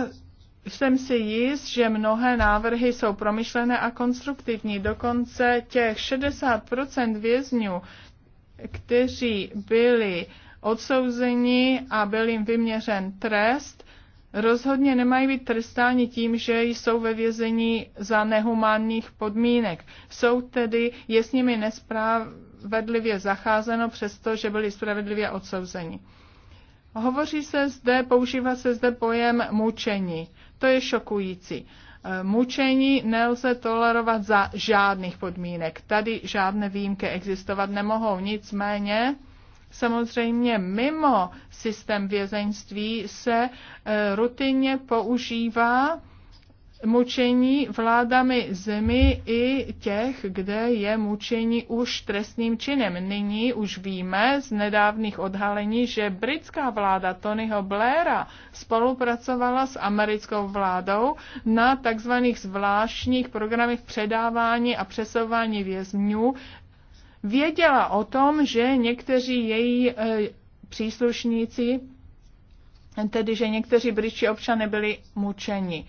jsem si jist, že mnohé návrhy jsou promyšlené a konstruktivní. Dokonce těch 60% vězňů, kteří byli odsouzeni a byl jim vyměřen trest, rozhodně nemají být trestáni tím, že jsou ve vězení za nehumánních podmínek. Jsou tedy, je s nimi nespravedlivě zacházeno, přestože byli spravedlivě odsouzeni. Hovoří se zde, používá se zde pojem mučení. To je šokující. E, mučení nelze tolerovat za žádných podmínek. Tady žádné výjimky existovat nemohou. Nicméně, samozřejmě mimo systém vězeňství se e, rutinně používá mučení vládami zemi i těch, kde je mučení už trestným činem. Nyní už víme z nedávných odhalení, že britská vláda Tonyho Blaira spolupracovala s americkou vládou na tzv. zvláštních programech předávání a přesouvání vězňů. Věděla o tom, že někteří její e, příslušníci, tedy že někteří britští občané byli mučeni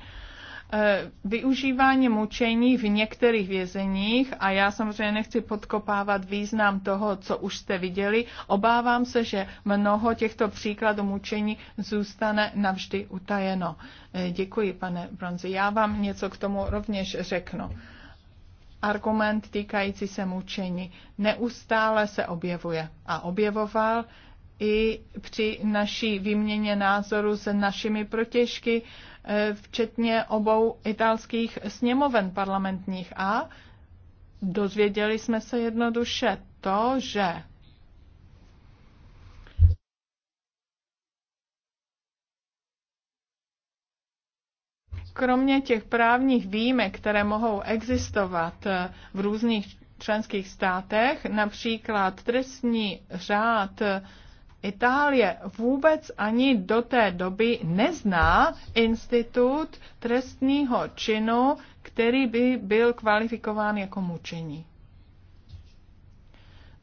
Eh, využívání mučení v některých vězeních, a já samozřejmě nechci podkopávat význam toho, co už jste viděli, obávám se, že mnoho těchto příkladů mučení zůstane navždy utajeno. Eh, děkuji, pane Bronzi. Já vám něco k tomu rovněž řeknu. Argument týkající se mučení neustále se objevuje a objevoval i při naší výměně názoru se našimi protěžky. Eh, včetně obou italských sněmoven parlamentních. A dozvěděli jsme se jednoduše to, že kromě těch právních výjimek, které mohou existovat eh, v různých členských státech, například trestní řád Itálie vůbec ani do té doby nezná institut trestního činu, který by byl kvalifikován jako mučení.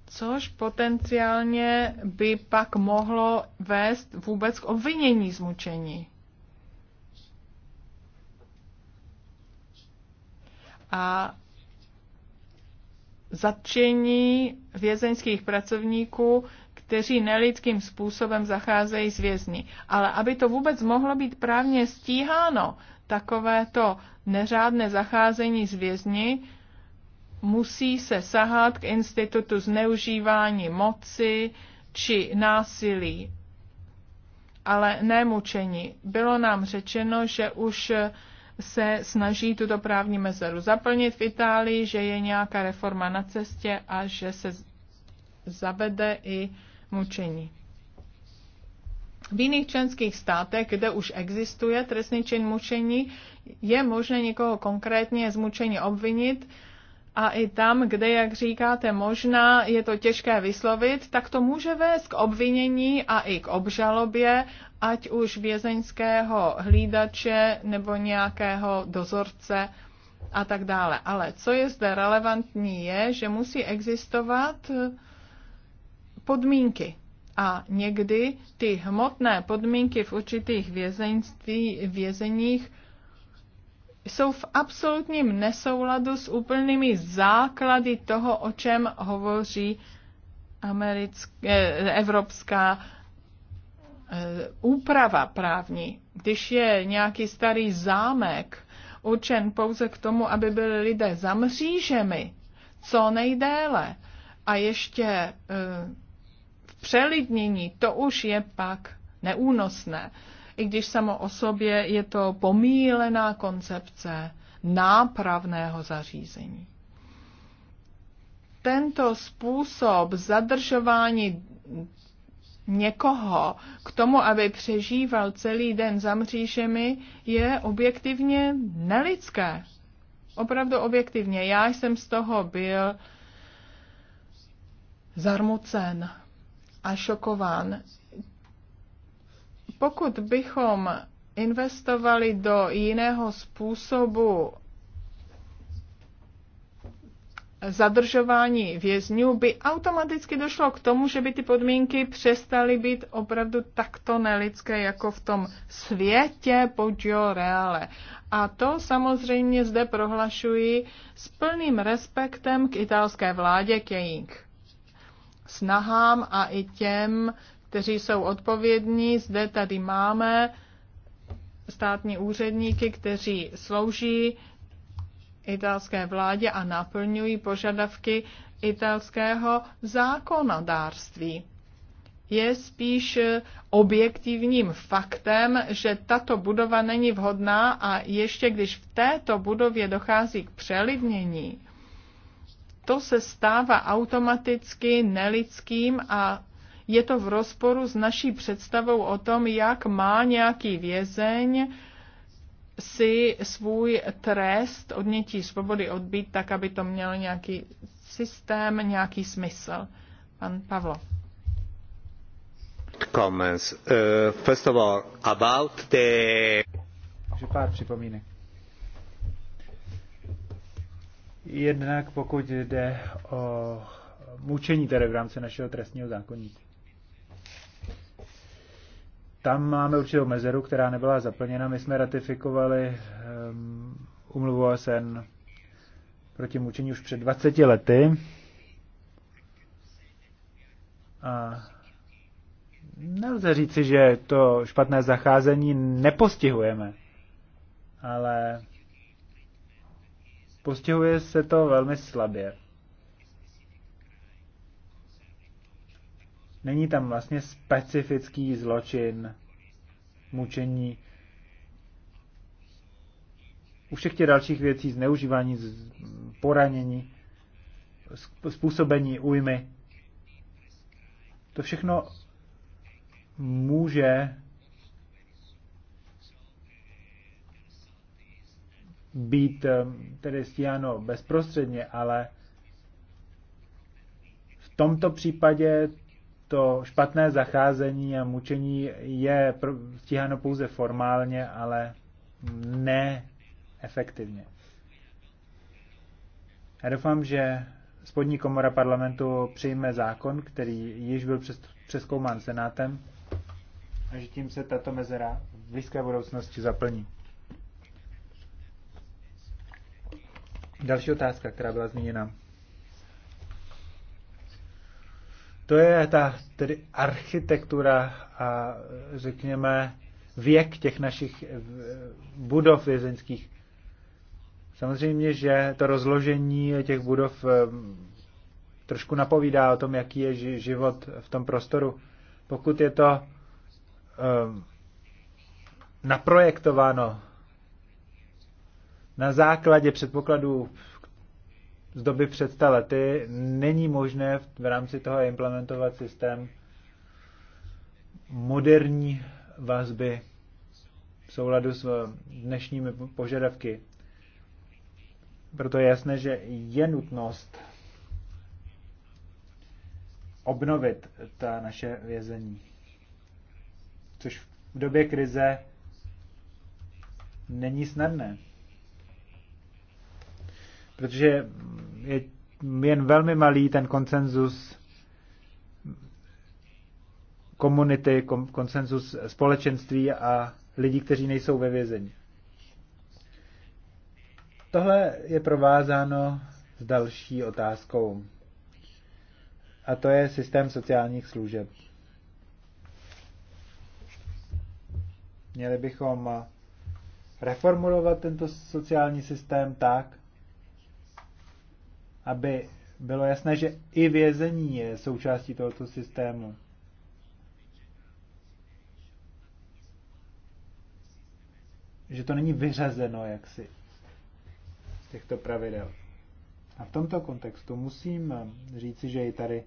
Což potenciálně by pak mohlo vést vůbec k obvinění z mučení. A zatčení vězeňských pracovníků kteří nelidským způsobem zacházejí s vězni. Ale aby to vůbec mohlo být právně stíháno, takovéto neřádné zacházení s vězni, musí se sahat k institutu zneužívání moci či násilí, ale ne mučení. Bylo nám řečeno, že už se snaží tuto právní mezeru zaplnit v Itálii, že je nějaká reforma na cestě a že se zavede i mučení. V jiných členských státech, kde už existuje trestný čin mučení, je možné někoho konkrétně z mučení obvinit a i tam, kde, jak říkáte, možná je to těžké vyslovit, tak to může vést k obvinění a i k obžalobě, ať už vězeňského hlídače nebo nějakého dozorce a tak dále. Ale co je zde relevantní, je, že musí existovat podmínky. A někdy ty hmotné podmínky v určitých vězeňství, vězeních jsou v absolutním nesouladu s úplnými základy toho, o čem hovoří americké, eh, evropská eh, úprava právní. Když je nějaký starý zámek určen pouze k tomu, aby byli lidé za mřížemi, co nejdéle, a ještě eh, přelidnění, to už je pak neúnosné. I když samo o sobě je to pomílená koncepce nápravného zařízení. Tento způsob zadržování někoho k tomu, aby přežíval celý den za mřížemi, je objektivně nelidské. Opravdu objektivně. Já jsem z toho byl zarmucen a šokován. Pokud bychom investovali do jiného způsobu zadržování vězňů, by automaticky došlo k tomu, že by ty podmínky přestaly být opravdu takto nelidské, jako v tom světě Poggio Reale. A to samozřejmě zde prohlašuji s plným respektem k italské vládě, k jejich snahám a i těm, kteří jsou odpovědní. Zde tady máme státní úředníky, kteří slouží italské vládě a naplňují požadavky italského zákonodárství. Je spíš objektivním faktem, že tato budova není vhodná a ještě když v této budově dochází k přelidnění, to se stává automaticky nelidským a je to v rozporu s naší představou o tom, jak má nějaký vězeň si svůj trest odnětí svobody odbít, tak aby to mělo nějaký systém, nějaký smysl. Pan Pavlo. Comments. Uh, first of all, about the... Takže pár připomínek. Jednak pokud jde o mučení tedy v rámci našeho trestního zákonníku. Tam máme určitou mezeru, která nebyla zaplněna. My jsme ratifikovali um, umluvu OSN proti mučení už před 20 lety. A nelze říci, že to špatné zacházení nepostihujeme, ale Postihuje se to velmi slabě. Není tam vlastně specifický zločin, mučení. U všech těch dalších věcí, zneužívání, poranění, způsobení újmy, to všechno může být tedy stíháno bezprostředně, ale v tomto případě to špatné zacházení a mučení je stíháno pouze formálně, ale ne efektivně. Já doufám, že spodní komora parlamentu přijme zákon, který již byl přeskoumán senátem a že tím se tato mezera v blízké budoucnosti zaplní. Další otázka, která byla zmíněna. To je ta tedy architektura a řekněme věk těch našich eh, budov vězeňských. Samozřejmě, že to rozložení těch budov eh, trošku napovídá o tom, jaký je život v tom prostoru. Pokud je to eh, naprojektováno na základě předpokladů z doby před sta lety není možné v rámci toho implementovat systém moderní vazby v souladu s eh, dnešními požadavky. Proto je jasné, že je nutnost obnovit ta naše vězení. Což v době krize není snadné protože je jen velmi malý ten konsenzus komunity, koncenzus konsenzus společenství a lidí, kteří nejsou ve vězení. Tohle je provázáno s další otázkou. A to je systém sociálních služeb. Měli bychom reformulovat tento sociální systém tak, aby bylo jasné, že i vězení je součástí tohoto systému. Že to není vyřazeno jaksi z těchto pravidel. A v tomto kontextu musím říci, že i tady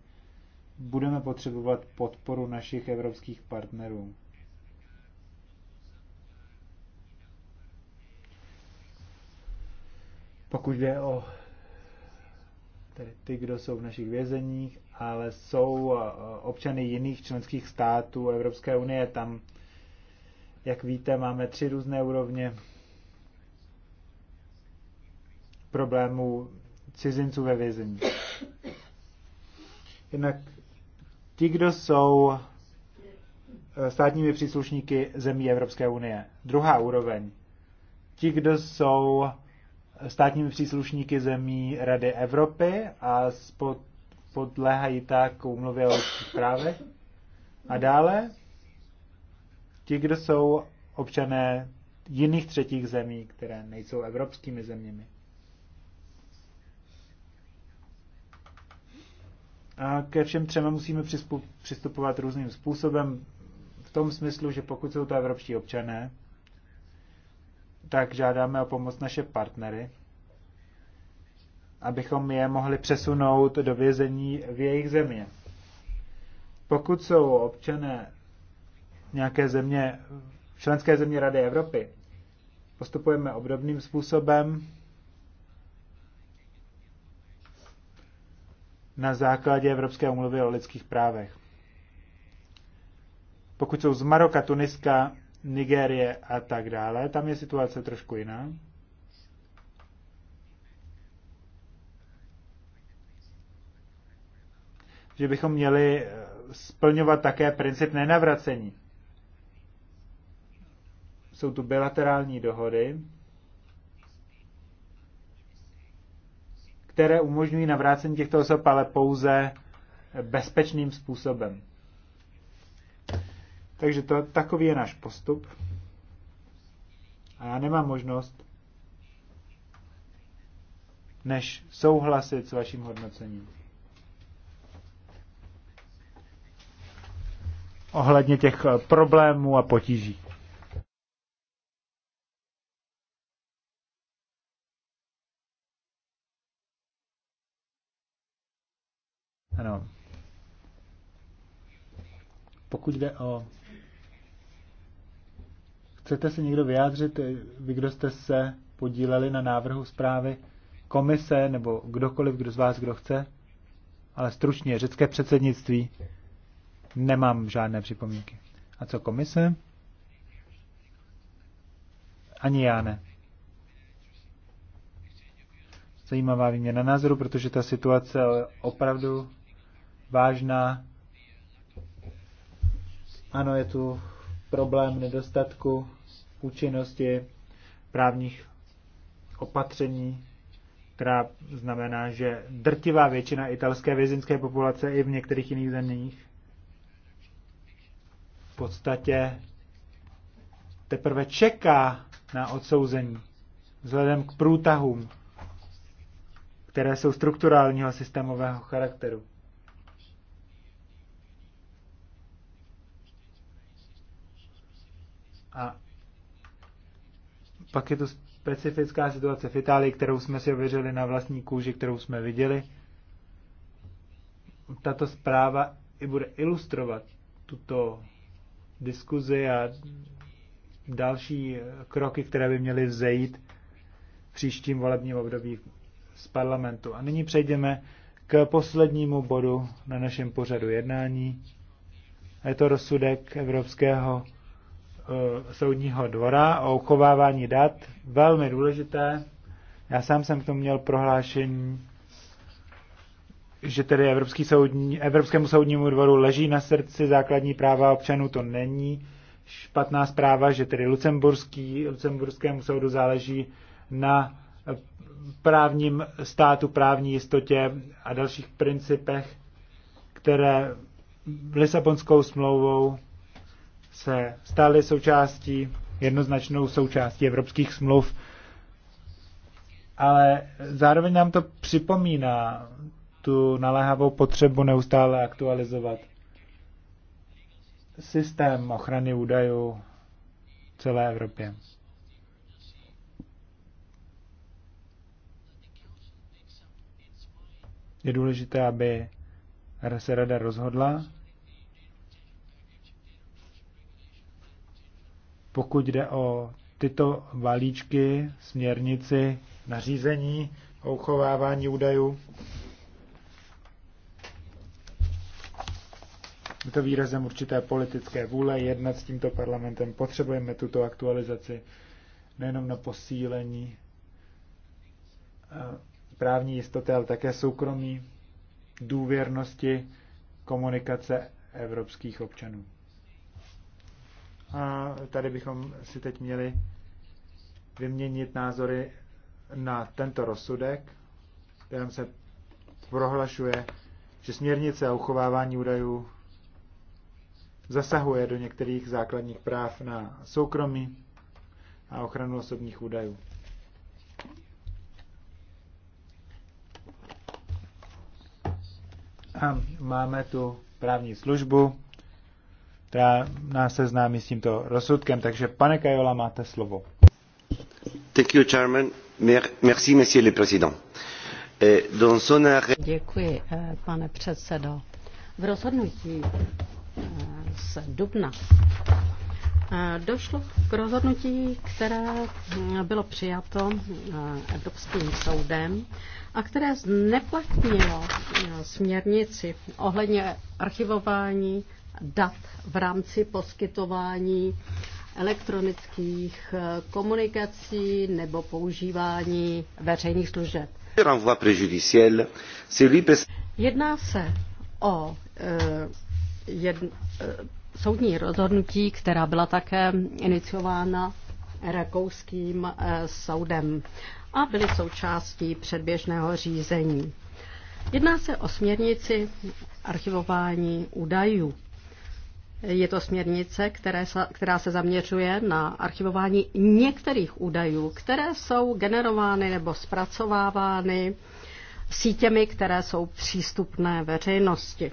budeme potřebovat podporu našich evropských partnerů. Pokud jde o tedy ty, kdo jsou v našich vězeních, ale jsou uh, občany jiných členských států Evropské unie. Tam, jak víte, máme tři různé úrovně problémů cizinců ve vězení. Jednak ti, kdo jsou eh, státními příslušníky zemí Evropské unie. Druhá úroveň. Ti, kdo jsou státními příslušníky zemí Rady Evropy a spod, podléhají tak úmluvě o lidských právech. A dále ti, kdo jsou občané jiných třetích zemí, které nejsou evropskými zeměmi. A ke všem třema musíme přistupovat různým způsobem, v tom smyslu, že pokud jsou to evropští občané, tak žádáme o pomoc naše partnery, abychom je mohli přesunout do vězení v jejich země. Pokud jsou občané nějaké země, členské země Rady Evropy, postupujeme obdobným způsobem na základě Evropské umluvy o lidských právech. Pokud jsou z Maroka, Tuniska, Nigérie a tak dále. Tam je situace trošku jiná. Že bychom měli eh, splňovat také princip nenavracení. Jsou tu bilaterální dohody, které umožňují navrácení těchto osob, ale pouze bezpečným způsobem. Takže to, takový je náš postup. A já nemám možnost, než souhlasit s vaším hodnocením. Ohledně těch eh, problémů a potíží. Ano. Pokud jde o Chcete se někdo vyjádřit, vy, kdo jste se podíleli na návrhu zprávy komise, nebo kdokoliv, kdo z vás, kdo chce? Ale stručně, řecké předsednictví, nemám žádné připomínky. A co komise? Ani já ne. Zajímavá výměna názoru, protože ta situace je opravdu vážná. Ano, je tu problém nedostatku účinnosti právních opatření, která znamená, že drtivá většina italské vězinské populace i v některých jiných zemích v podstatě teprve čeká na odsouzení vzhledem k průtahům, které jsou strukturálního systémového charakteru. A pak je tu specifická situace v Itálii, kterou jsme si ověřili na vlastní kůži, kterou jsme viděli. Tato zpráva i bude ilustrovat tuto diskuzi a další kroky, které by měly vzejít v příštím volebním období z parlamentu. A nyní přejdeme k poslednímu bodu na našem pořadu jednání. Je to rozsudek Evropského Eh, soudního dvora o uchovávání dat. Velmi důležité. Já sám jsem k tomu měl prohlášení, že tedy Evropský soudní, Evropskému soudnímu dvoru leží na srdci základní práva občanů. To není špatná zpráva, že tedy Lucemburský, Lucemburskému soudu záleží na eh, právním státu, právní jistotě a dalších principech, které Lisabonskou smlouvou se staly součástí, jednoznačnou součástí evropských smluv, ale zároveň nám to připomíná tu naléhavou potřebu neustále aktualizovat systém ochrany údajů v celé Evropě. Je důležité, aby se rada rozhodla Pokud jde o tyto valíčky, směrnici, nařízení o uchovávání údajů, Je to výrazem určité politické vůle jednat s tímto parlamentem. Potřebujeme tuto aktualizaci nejenom na posílení eh, právní jistoty, ale také soukromí, důvěrnosti, komunikace evropských občanů. A tady bychom si teď měli vyměnit názory na tento rozsudek, kterým se prohlašuje, že směrnice o uchovávání údajů zasahuje do některých základních práv na soukromí a ochranu osobních údajů. A máme tu právní službu která nás seznámí s tímto rozsudkem. Takže pane Kajola, máte slovo. Thank you, Chairman. Merci, Monsieur le Président. Eh, Děkuji, eh, pane předsedo. V rozhodnutí eh, z Dubna došlo k rozhodnutí, které hm, bylo přijato Evropským soudem a které zneplatnilo směrnici ohledně archivování dat v rámci poskytování elektronických eh, komunikací nebo používání veřejných služeb. Jedná se o eh, jed, eh, soudní rozhodnutí, která byla také iniciována rakouským soudem a byly součástí předběžného řízení. Jedná se o směrnici archivování údajů. Je to směrnice, které se, která se zaměřuje na archivování některých údajů, které jsou generovány nebo zpracovávány sítěmi, které jsou přístupné veřejnosti.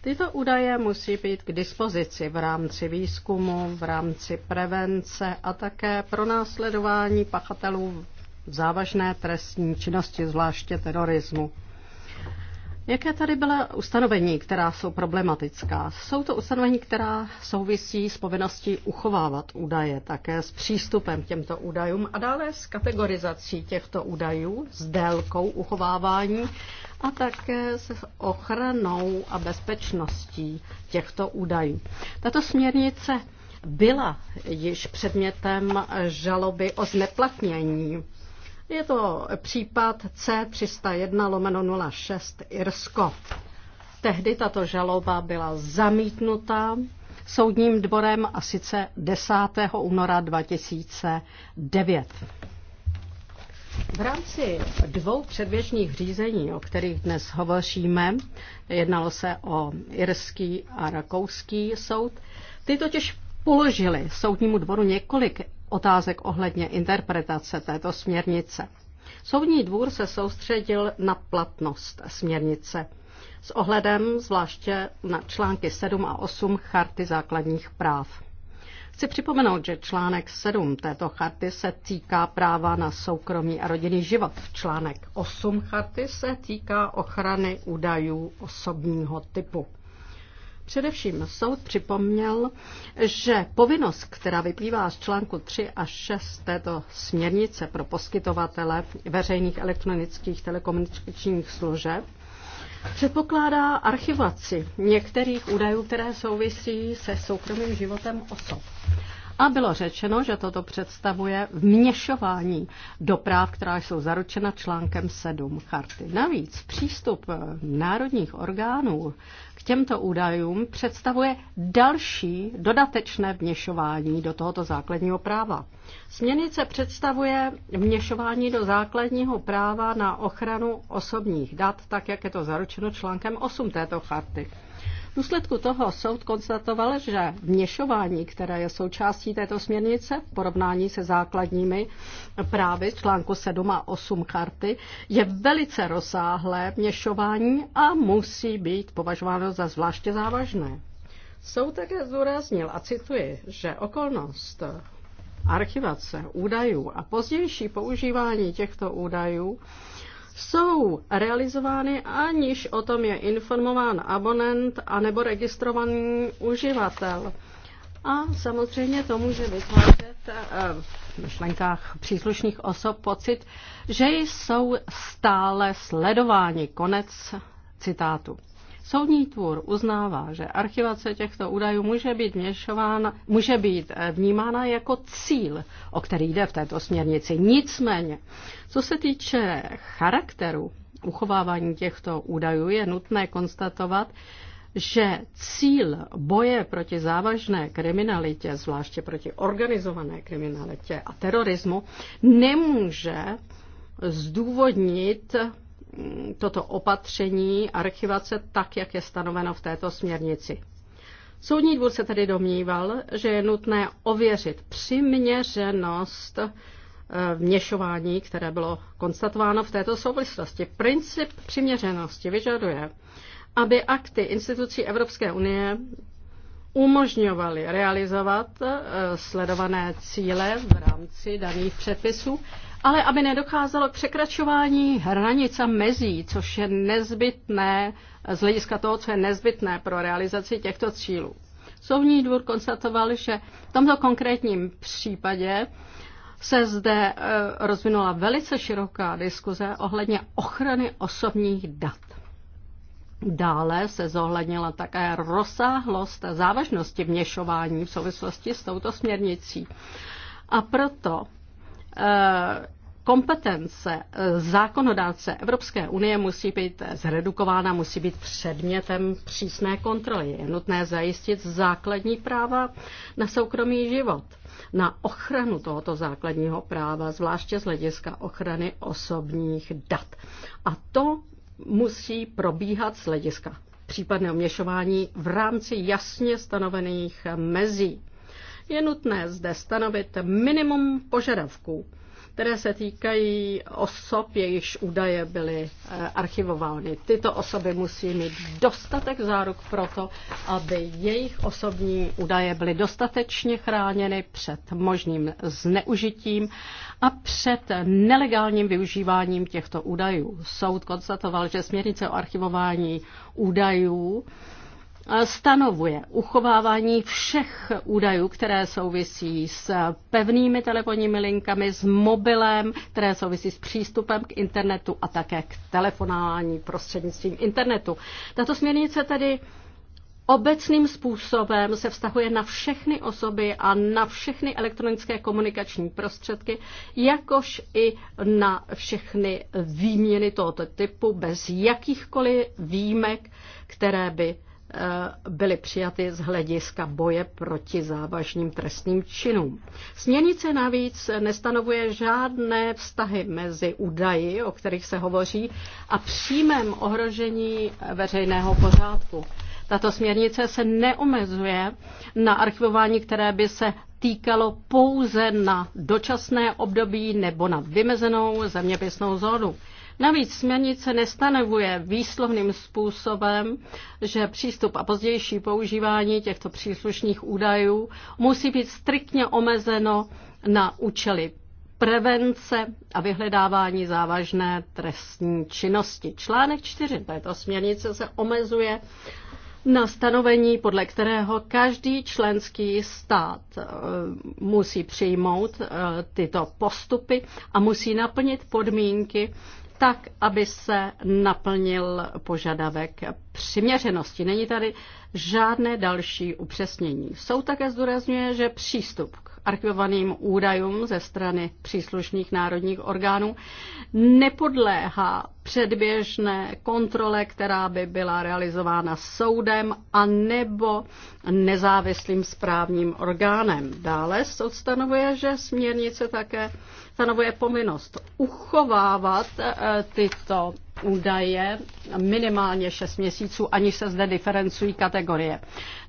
Tyto údaje musí být k dispozici v rámci výzkumu, v rámci prevence a také pro následování pachatelů závažné trestní činnosti, zvláště terorismu. Jaké tady byla ustanovení, která jsou problematická? Jsou to ustanovení, která souvisí s povinností uchovávat údaje, také s přístupem k těmto údajům a dále s kategorizací těchto údajů, s délkou uchovávání a také s ochranou a bezpečností těchto údajů. Tato směrnice byla již předmětem žaloby o zneplatnění je to případ C301 lomeno 06 Irsko. Tehdy tato žaloba byla zamítnuta soudním dvorem a sice 10. února 2009. V rámci dvou předběžných řízení, o kterých dnes hovoříme, jednalo se o irský a rakouský soud, ty totiž položili soudnímu dvoru několik otázek ohledně interpretace této směrnice. Soudní dvůr se soustředil na platnost směrnice s ohledem zvláště na články 7 a 8 Charty základních práv. Chci připomenout, že článek 7 této charty se týká práva na soukromý a rodinný život. Článek 8 charty se týká ochrany údajů osobního typu. Především soud připomněl, že povinnost, která vyplývá z článku 3 a 6 této směrnice pro poskytovatele veřejných elektronických telekomunikačních služeb, předpokládá archivaci některých údajů, které souvisí se soukromým životem osob a bylo řečeno, že toto představuje vměšování do práv, která jsou zaručena článkem 7 charty. Navíc přístup eh, národních orgánů k těmto údajům představuje další dodatečné vměšování do tohoto základního práva. Směrnice představuje vměšování do základního práva na ochranu osobních dat, tak jak je to zaručeno článkem 8 této charty. V důsledku toho soud konstatoval, že vněšování, které je součástí této směrnice v porovnání se základními právy článku 7 a 8 karty, je velice rozsáhlé vněšování a musí být považováno za zvláště závažné. Soud také zdůraznil, a cituji, že okolnost archivace údajů a pozdější používání těchto údajů jsou realizovány, aniž o tom je informován abonent anebo registrovaný uživatel. A samozřejmě to může vytvářet eh, v myšlenkách příslušných osob pocit, že jsou stále sledováni. Konec citátu. Soudní tvůr uznává, že archivace těchto údajů může být, měšována, může být eh, vnímána jako cíl, o který jde v této směrnici. Nicméně, co se týče charakteru uchovávání těchto údajů, je nutné konstatovat, že cíl boje proti závažné kriminalitě, zvláště proti organizované kriminalitě a terorismu, nemůže zdůvodnit toto opatření archivace tak, jak je stanoveno v této směrnici. Soudní dvůr se tedy domníval, že je nutné ověřit přiměřenost eh, vněšování, které bylo konstatováno v této souvislosti. Princip přiměřenosti vyžaduje, aby akty institucí Evropské unie umožňovaly realizovat eh, sledované cíle v rámci daných předpisů ale aby nedocházelo k překračování hranic a mezí, což je nezbytné z hlediska toho, co je nezbytné pro realizaci těchto cílů. Soudní dvůr konstatoval, že v tomto konkrétním případě se zde e, rozvinula velice široká diskuze ohledně ochrany osobních dat. Dále se zohlednila také rozsáhlost závažnosti vněšování v souvislosti s touto směrnicí. A proto e, kompetence eh, zákonodáce Evropské unie musí být zredukována, musí být předmětem přísné kontroly. Je nutné zajistit základní práva na soukromý život, na ochranu tohoto základního práva, zvláště z hlediska ochrany osobních dat. A to musí probíhat z hlediska případné oměšování v rámci jasně stanovených mezí. Je nutné zde stanovit minimum požadavků které se týkají osob, jejichž údaje byly eh, archivovány. Tyto osoby musí mít dostatek záruk pro to, aby jejich osobní údaje byly dostatečně chráněny před možným zneužitím a před nelegálním využíváním těchto údajů. Soud konstatoval, že směrnice o archivování údajů stanovuje uchovávání všech údajů, které souvisí s pevnými telefonními linkami, s mobilem, které souvisí s přístupem k internetu a také k telefonální prostřednictvím internetu. Tato směrnice tedy obecným způsobem se vztahuje na všechny osoby a na všechny elektronické komunikační prostředky, jakož i na všechny výměny tohoto typu bez jakýchkoliv výjimek, které by Eh, byly přijaty z hlediska boje proti závažným trestným činům. Směrnice navíc nestanovuje žádné vztahy mezi údaji, o kterých se hovoří, a příjmem ohrožení veřejného pořádku. Tato směrnice se neomezuje na archivování, které by se týkalo pouze na dočasné období nebo na vymezenou zeměpisnou zónu. Navíc směrnice nestanovuje výslovným způsobem, že přístup a pozdější používání těchto příslušných údajů musí být striktně omezeno na účely prevence a vyhledávání závažné trestní činnosti. Článek 4 této směrnice se omezuje na stanovení, podle kterého každý členský stát eh, musí přijmout eh, tyto postupy a musí naplnit podmínky tak, aby se naplnil požadavek přiměřenosti. Není tady žádné další upřesnění. Jsou také zdůrazňuje, že přístup k archivovaným údajům ze strany příslušných národních orgánů nepodléhá předběžné kontrole, která by byla realizována soudem a nebo nezávislým správním orgánem. Dále soud stanovuje, že směrnice také stanovuje povinnost uchovávat eh, tyto údaje minimálně 6 měsíců, aniž se zde diferencují kategorie.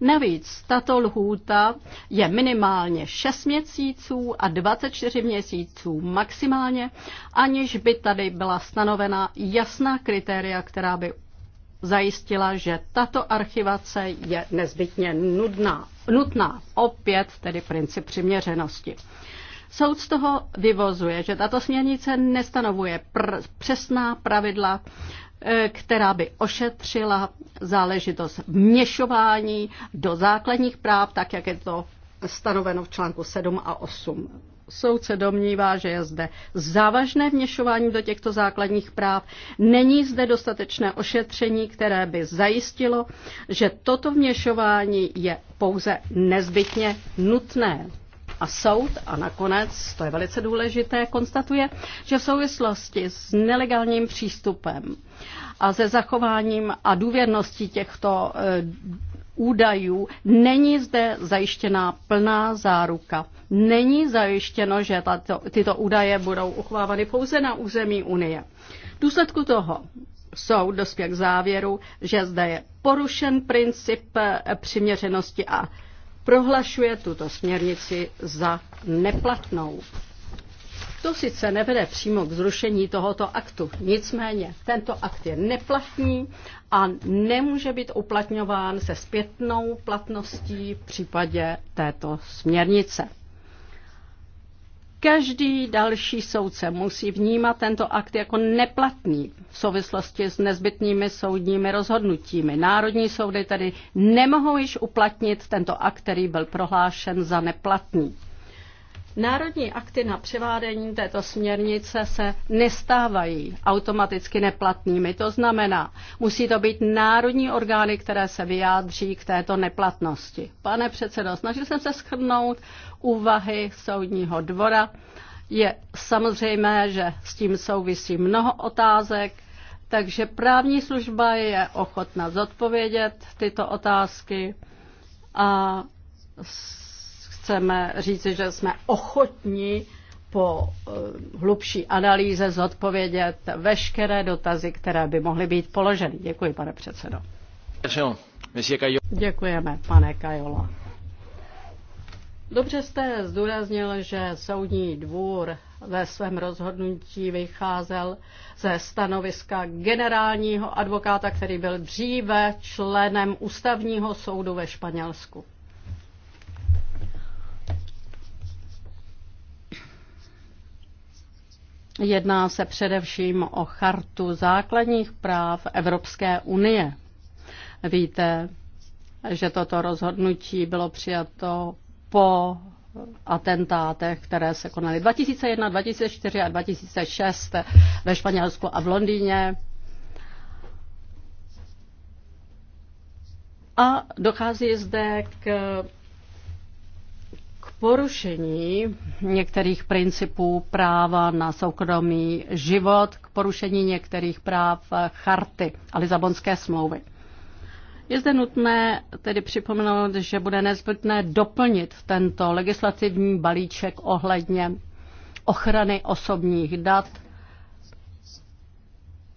Navíc tato lhůta je minimálně 6 měsíců a 24 měsíců maximálně, aniž by tady byla stanovena jasná kritéria, která by zajistila, že tato archivace je nezbytně nudná, nutná. Opět tedy princip přiměřenosti. Soud z toho vyvozuje, že tato směrnice nestanovuje pr- přesná pravidla, e, která by ošetřila záležitost vměšování do základních práv, tak jak je to stanoveno v článku 7 a 8 soud se domnívá, že je zde závažné vměšování do těchto základních práv, není zde dostatečné ošetření, které by zajistilo, že toto vměšování je pouze nezbytně nutné. A soud, a nakonec, to je velice důležité, konstatuje, že v souvislosti s nelegálním přístupem a se zachováním a důvěrností těchto eh, údajů není zde zajištěná plná záruka. Není zajištěno, že tato, tyto údaje budou uchovávány pouze na území Unie. V důsledku toho soud dospěl k závěru, že zde je porušen princip eh, přiměřenosti a prohlašuje tuto směrnici za neplatnou. To sice nevede přímo k zrušení tohoto aktu, nicméně tento akt je neplatný a nemůže být uplatňován se zpětnou platností v případě této směrnice. Každý další soudce musí vnímat tento akt jako neplatný v souvislosti s nezbytnými soudními rozhodnutími. Národní soudy tedy nemohou již uplatnit tento akt, který byl prohlášen za neplatný. Národní akty na převádění této směrnice se nestávají automaticky neplatnými. To znamená, musí to být národní orgány, které se vyjádří k této neplatnosti. Pane předsedo, snažil jsem se schrnout úvahy soudního dvora. Je samozřejmé, že s tím souvisí mnoho otázek, takže právní služba je ochotna zodpovědět tyto otázky a chceme říci, že jsme ochotní po eh, hlubší analýze zodpovědět veškeré dotazy, které by mohly být položeny. Děkuji, pane předsedo. Děkujeme, pane Kajola. Dobře jste zdůraznil, že Soudní dvůr ve svém rozhodnutí vycházel ze stanoviska generálního advokáta, který byl dříve členem ústavního soudu ve Španělsku. Jedná se především o chartu základních práv Evropské unie. Víte, že toto rozhodnutí bylo přijato po atentátech, které se konaly 2001, 2004 a 2006 ve Španělsku a v Londýně. A dochází zde k porušení některých principů práva na soukromý život, k porušení některých práv charty a Lizabonské smlouvy. Je zde nutné tedy připomenout, že bude nezbytné doplnit tento legislativní balíček ohledně ochrany osobních dat.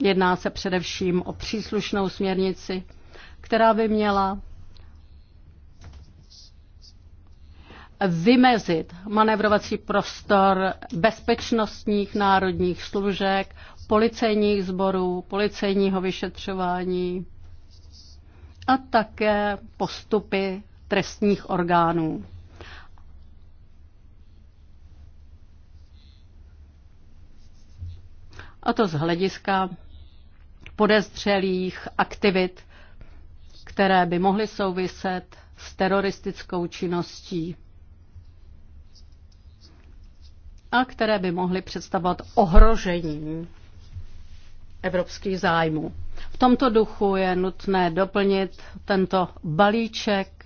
Jedná se především o příslušnou směrnici, která by měla vymezit manevrovací prostor bezpečnostních národních služek, policejních sborů, policejního vyšetřování a také postupy trestních orgánů. A to z hlediska podezřelých aktivit, které by mohly souviset s teroristickou činností a které by mohly představovat ohrožení evropských zájmů. V tomto duchu je nutné doplnit tento balíček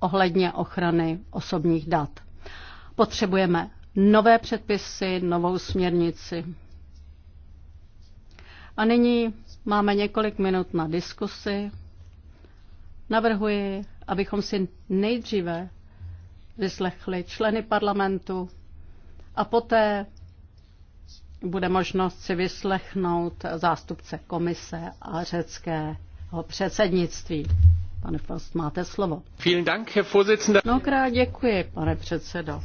ohledně ochrany osobních dat. Potřebujeme nové předpisy, novou směrnici. A nyní máme několik minut na diskusi. Navrhuji, abychom si nejdříve vyslechli členy parlamentu a poté bude možnost si vyslechnout zástupce komise a řeckého předsednictví. Pane Post, máte slovo. Mnohokrát děkuji, pane předsedo.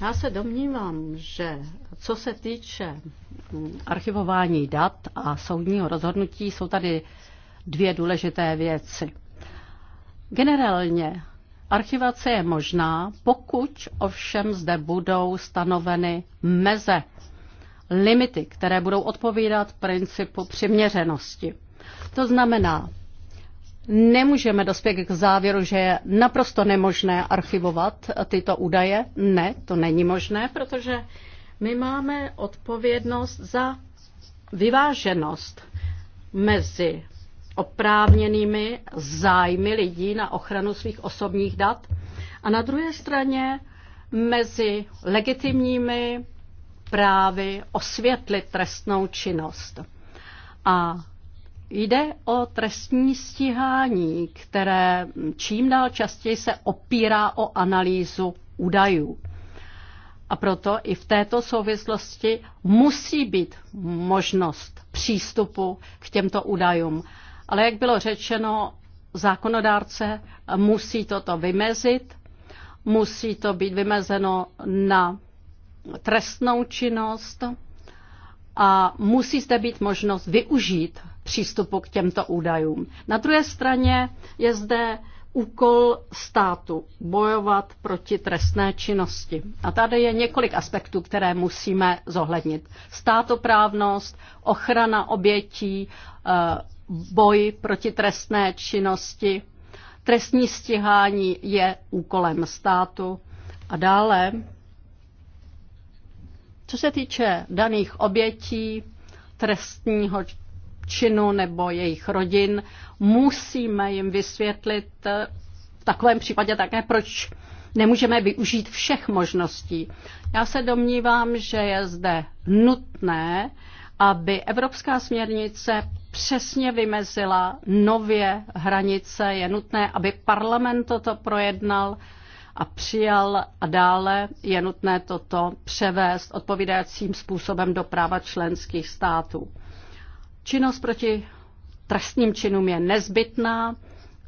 Já se domnívám, že co se týče mm, archivování dat a soudního rozhodnutí, jsou tady dvě důležité věci. Generálně Archivace je možná, pokud ovšem zde budou stanoveny meze, limity, které budou odpovídat principu přiměřenosti. To znamená, nemůžeme dospět k závěru, že je naprosto nemožné archivovat tyto údaje. Ne, to není možné, protože my máme odpovědnost za vyváženost mezi oprávněnými zájmy lidí na ochranu svých osobních dat a na druhé straně mezi legitimními právy osvětlit trestnou činnost. A jde o trestní stíhání, které čím dál častěji se opírá o analýzu údajů. A proto i v této souvislosti musí být možnost přístupu k těmto údajům. Ale jak bylo řečeno, zákonodárce musí toto vymezit, musí to být vymezeno na trestnou činnost a musí zde být možnost využít přístupu k těmto údajům. Na druhé straně je zde úkol státu bojovat proti trestné činnosti. A tady je několik aspektů, které musíme zohlednit. Státoprávnost, ochrana obětí, eh, boj proti trestné činnosti. Trestní stíhání je úkolem státu. A dále, co se týče daných obětí trestního činu nebo jejich rodin, musíme jim vysvětlit v takovém případě také, proč nemůžeme využít všech možností. Já se domnívám, že je zde nutné, aby evropská směrnice přesně vymezila nově hranice. Je nutné, aby parlament toto projednal a přijal a dále je nutné toto převést odpovídajícím způsobem do práva členských států. Činnost proti trestním činům je nezbytná,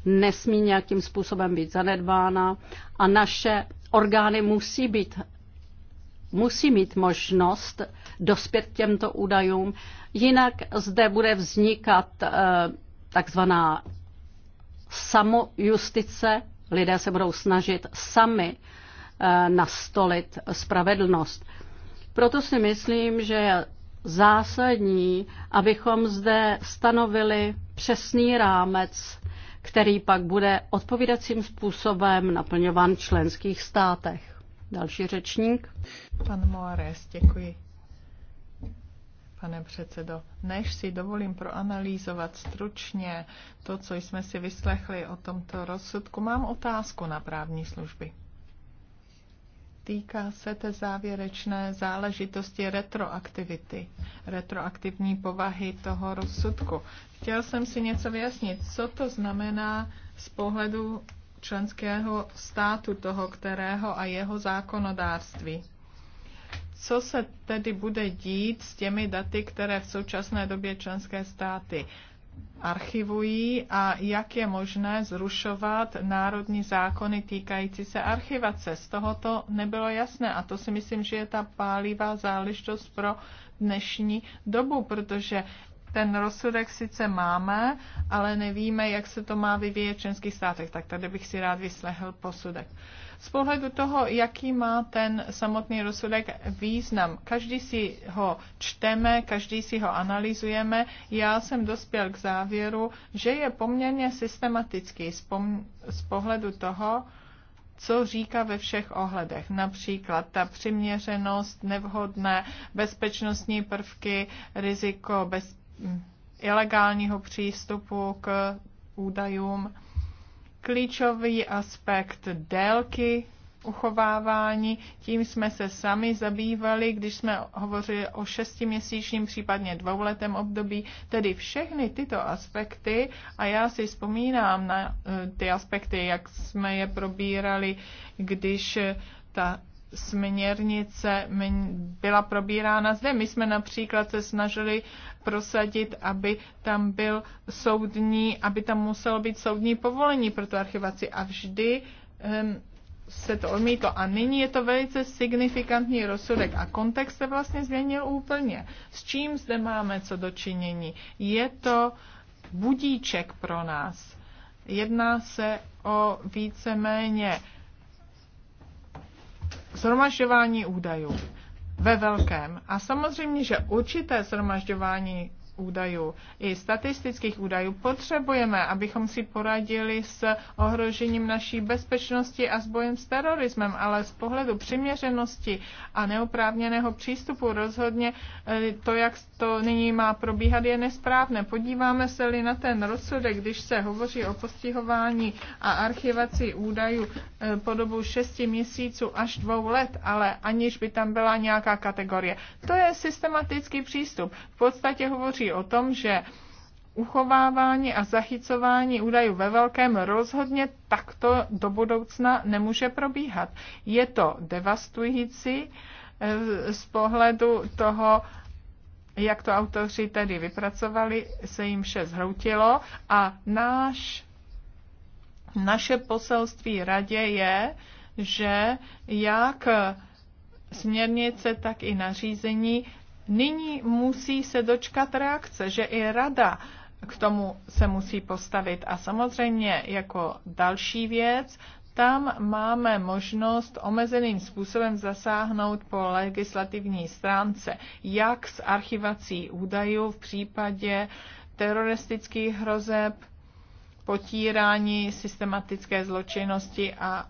nesmí nějakým způsobem být zanedbána a naše orgány musí, být, musí mít možnost dospět k těmto údajům. Jinak zde bude vznikat eh, takzvaná samojustice, lidé se budou snažit sami eh, nastolit spravedlnost. Proto si myslím, že je zásadní, abychom zde stanovili přesný rámec, který pak bude odpovídacím způsobem naplňován v členských státech. Další řečník. Pan Moares, děkuji pane předsedo. Než si dovolím proanalýzovat stručně to, co jsme si vyslechli o tomto rozsudku, mám otázku na právní služby. Týká se té závěrečné záležitosti retroaktivity, retroaktivní povahy toho rozsudku. Chtěl jsem si něco vyjasnit, co to znamená z pohledu členského státu toho, kterého a jeho zákonodárství co se tedy bude dít s těmi daty, které v současné době členské státy archivují a jak je možné zrušovat národní zákony týkající se archivace. Z toho to nebylo jasné a to si myslím, že je ta pálivá záležitost pro dnešní dobu, protože ten rozsudek sice máme, ale nevíme, jak se to má vyvíjet v členských státech. Tak tady bych si rád vyslehl posudek. Z pohledu toho, jaký má ten samotný rozsudek význam, každý si ho čteme, každý si ho analyzujeme. Já jsem dospěl k závěru, že je poměrně systematický z pohledu toho, co říká ve všech ohledech. Například ta přiměřenost, nevhodné bezpečnostní prvky, riziko bez, hm, ilegálního přístupu k údajům klíčový aspekt délky uchovávání. Tím jsme se sami zabývali, když jsme hovořili o šestiměsíčním, případně dvouletém období, tedy všechny tyto aspekty a já si vzpomínám na eh, ty aspekty, jak jsme je probírali, když ta směrnice byla probírána zde. My jsme například se snažili prosadit, aby tam byl soudní, aby tam muselo být soudní povolení pro tu archivaci a vždy ehm, se to odmítlo. A nyní je to velice signifikantní rozsudek a kontext se vlastně změnil úplně. S čím zde máme co dočinění? Je to budíček pro nás. Jedná se o víceméně zhromažďování údajů ve velkém. A samozřejmě, že určité zhromažďování údajů, i statistických údajů potřebujeme, abychom si poradili s ohrožením naší bezpečnosti a s bojem s terorismem, ale z pohledu přiměřenosti a neoprávněného přístupu rozhodně eh, to, jak to nyní má probíhat, je nesprávné. Podíváme se-li na ten rozsudek, když se hovoří o postihování a archivaci údajů eh, po dobu 6 měsíců až dvou let, ale aniž by tam byla nějaká kategorie. To je systematický přístup. V podstatě hovoří svědčí o tom, že uchovávání a zachycování údajů ve velkém rozhodně takto do budoucna nemůže probíhat. Je to devastující eh, z pohledu toho, jak to autoři tedy vypracovali, se jim vše zhroutilo a náš, naše poselství radě je, že jak směrnice, tak i nařízení Nyní musí se dočkat reakce, že i rada k tomu se musí postavit. A samozřejmě jako další věc, tam máme možnost omezeným způsobem zasáhnout po legislativní stránce, jak s archivací údajů v případě teroristických hrozeb, potírání systematické zločinnosti a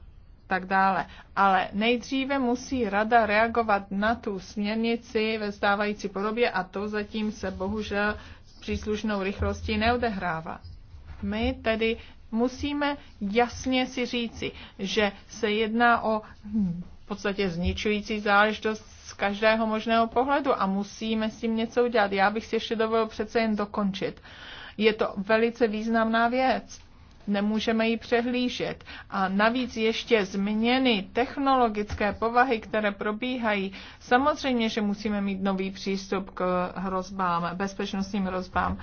tak dále. Ale nejdříve musí rada reagovat na tu směrnici ve stávající podobě a to zatím se bohužel s příslušnou rychlostí neodehrává. My tedy musíme jasně si říci, že se jedná o hm, v podstatě zničující záležitost z každého možného pohledu a musíme s tím něco udělat. Já bych si ještě dovolil přece jen dokončit. Je to velice významná věc nemůžeme ji přehlížet. A navíc ještě změny technologické povahy, které probíhají, samozřejmě, že musíme mít nový přístup k hrozbám, bezpečnostním hrozbám.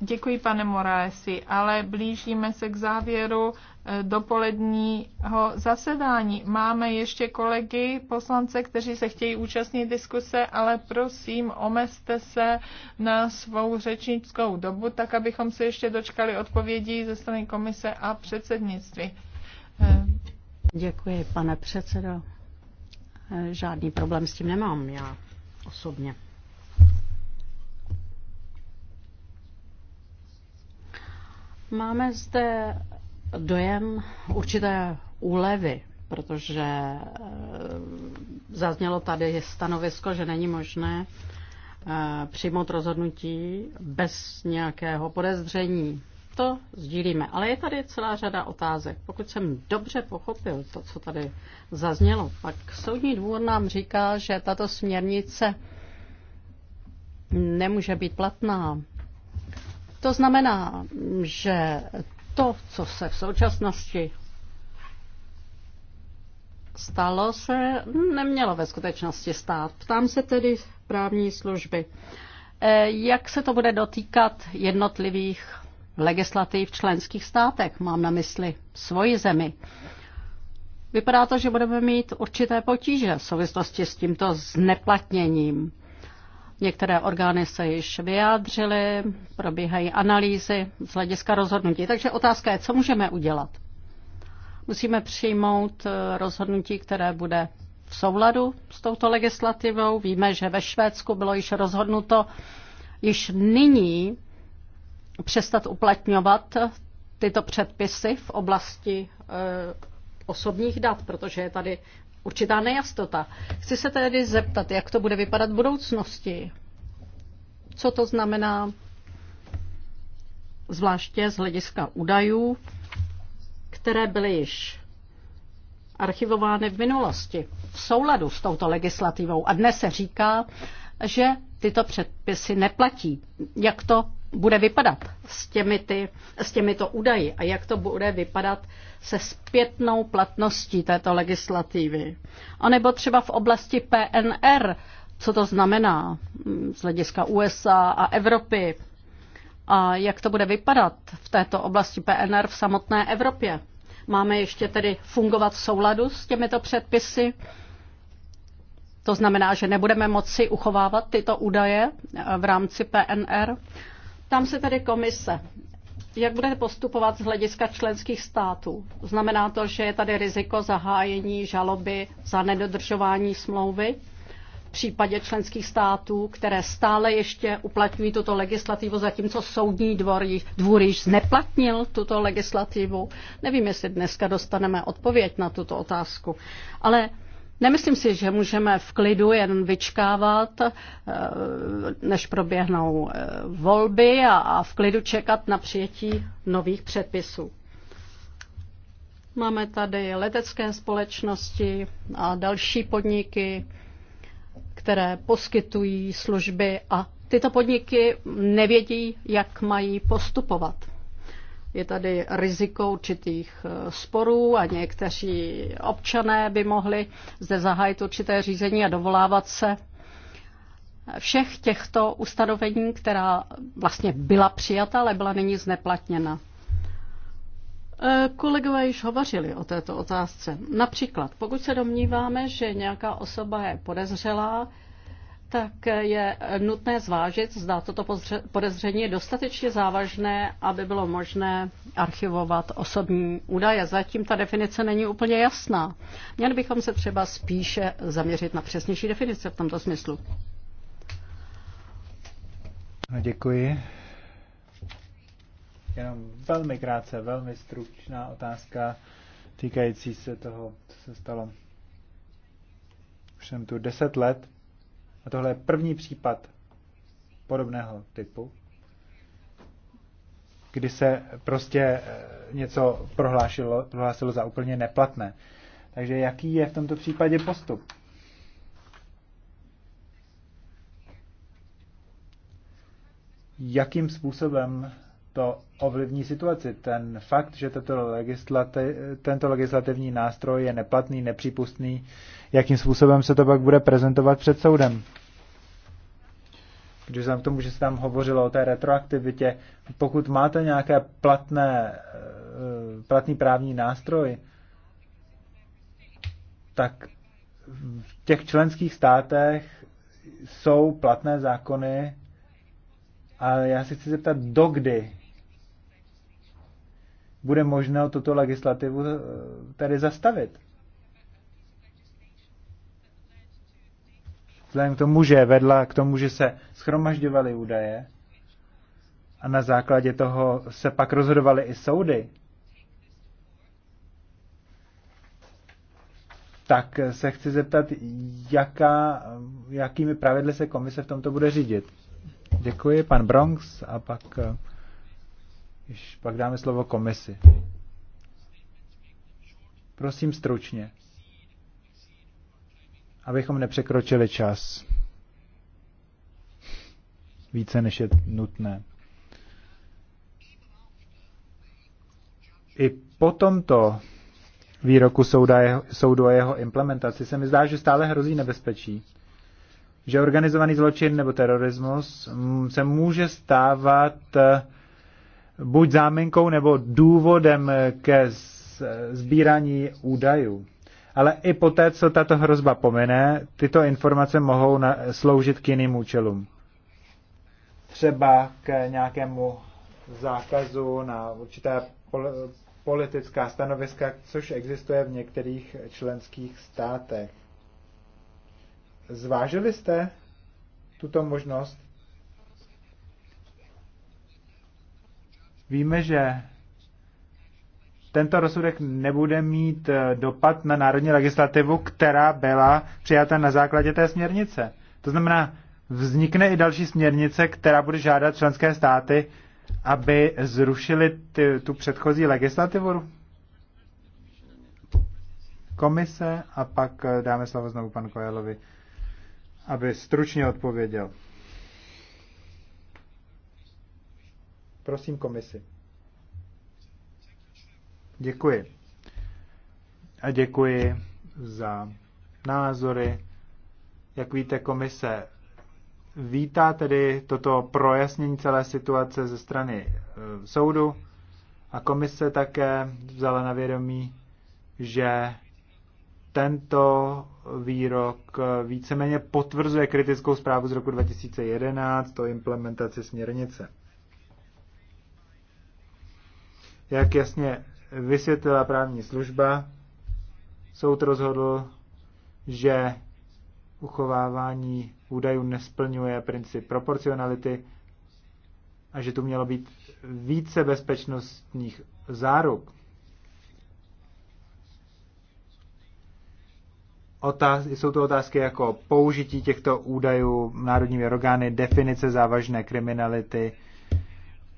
Děkuji, pane Moraesi, ale blížíme se k závěru dopoledního zasedání. Máme ještě kolegy, poslance, kteří se chtějí účastnit diskuse, ale prosím, omezte se na svou řečnickou dobu, tak abychom se ještě dočkali odpovědí ze strany komise a předsednictví. Děkuji, pane předsedo. Žádný problém s tím nemám já osobně. Máme zde dojem určité úlevy, protože eh, zaznělo tady stanovisko, že není možné eh, přijmout rozhodnutí bez nějakého podezření. To sdílíme. Ale je tady celá řada otázek. Pokud jsem dobře pochopil to, co tady zaznělo, pak Soudní dvůr nám říká, že tato směrnice nemůže být platná. To znamená, že to, co se v současnosti stalo, se nemělo ve skutečnosti stát. Ptám se tedy právní služby. Eh, jak se to bude dotýkat jednotlivých legislativ v členských státech? Mám na mysli svoji zemi. Vypadá to, že budeme mít určité potíže v souvislosti s tímto zneplatněním. Některé orgány se již vyjádřily, probíhají analýzy z hlediska rozhodnutí. Takže otázka je, co můžeme udělat. Musíme přijmout eh, rozhodnutí, které bude v souladu s touto legislativou. Víme, že ve Švédsku bylo již rozhodnuto již nyní přestat uplatňovat tyto předpisy v oblasti eh, osobních dat, protože je tady určitá nejastota. Chci se tedy zeptat, jak to bude vypadat v budoucnosti. Co to znamená zvláště z hlediska údajů, které byly již archivovány v minulosti v souladu s touto legislativou. A dnes se říká, že tyto předpisy neplatí. Jak to bude vypadat s, těmi ty, s těmito údaji a jak to bude vypadat se zpětnou platností této legislativy. A nebo třeba v oblasti PNR, co to znamená mm, z hlediska USA a Evropy a jak to bude vypadat v této oblasti PNR v samotné Evropě. Máme ještě tedy fungovat v souladu s těmito předpisy. To znamená, že nebudeme moci uchovávat tyto údaje eh, v rámci PNR. Tam se tedy komise, jak budete postupovat z hlediska členských států? Znamená to, že je tady riziko zahájení žaloby za nedodržování smlouvy? V případě členských států, které stále ještě uplatňují tuto legislativu, zatímco soudní dvor, dvůr již zneplatnil tuto legislativu. Nevím, jestli dneska dostaneme odpověď na tuto otázku, ale Nemyslím si, že můžeme v klidu jen vyčkávat, eh, než proběhnou eh, volby a v klidu čekat na přijetí nových předpisů. Máme tady letecké společnosti a další podniky, které poskytují služby a tyto podniky nevědí, jak mají postupovat. Je tady riziko určitých eh, sporů a někteří občané by mohli zde zahájit určité řízení a dovolávat se všech těchto ustanovení, která vlastně byla přijata, ale byla nyní zneplatněna. Eh, kolegové již hovořili o této otázce. Například, pokud se domníváme, že nějaká osoba je podezřelá, tak je nutné zvážit, zda toto podezření je dostatečně závažné, aby bylo možné archivovat osobní údaje. Zatím ta definice není úplně jasná. Měli bychom se třeba spíše zaměřit na přesnější definice v tomto smyslu. Děkuji. Jenom velmi krátce, velmi stručná otázka týkající se toho, co se stalo. Už jsem tu deset let a tohle je první případ podobného typu, kdy se prostě eh, něco prohlásilo, prohlásilo za úplně neplatné. Takže jaký je v tomto případě postup? Jakým způsobem to ovlivní situaci? Ten fakt, že tato legislati- tento legislativní nástroj je neplatný, nepřípustný, jakým způsobem se to pak bude prezentovat před soudem? Když jsem k tomu, že se tam hovořilo o té retroaktivitě, pokud máte nějaké platné, eh, platný právní nástroj, tak v těch členských státech jsou platné zákony, ale já si chci zeptat, dokdy bude možné toto legislativu eh, tady zastavit. vzhledem k tomu, že vedla k tomu, že se schromažďovaly údaje a na základě toho se pak rozhodovaly i soudy, tak se chci zeptat, jaká, jakými pravidly se komise v tomto bude řídit. Děkuji, pan Bronx, a pak, pak dáme slovo komisi. Prosím stručně abychom nepřekročili čas více, než je nutné. I po tomto výroku souda jeho, soudu a jeho implementaci se mi zdá, že stále hrozí nebezpečí, že organizovaný zločin nebo terorismus se může stávat eh, buď záminkou nebo důvodem ke eh, sbírání údajů ale i poté, co tato hrozba pomine, tyto informace mohou na, sloužit k jiným účelům. Třeba k nějakému zákazu na určité pol, politická stanoviska, což existuje v některých členských státech. Zvážili jste tuto možnost? Víme, že tento rozsudek nebude mít eh, dopad na národní legislativu, která byla přijata na základě té směrnice. To znamená, vznikne i další směrnice, která bude žádat členské státy, aby zrušili ty, tu předchozí legislativu? Komise a pak eh, dáme slovo znovu panu Kojelovi, aby stručně odpověděl. Prosím komisi. Děkuji. A děkuji za názory. Jak víte, komise vítá tedy toto projasnění celé situace ze strany e, soudu a komise také vzala na vědomí, že tento výrok e, víceméně potvrzuje kritickou zprávu z roku 2011 o implementaci směrnice. Jak jasně vysvětlila právní služba. Soud rozhodl, že uchovávání údajů nesplňuje princip proporcionality a že tu mělo být více bezpečnostních záruk. Otáz, jsou to otázky jako použití těchto údajů národními orgány, definice závažné kriminality,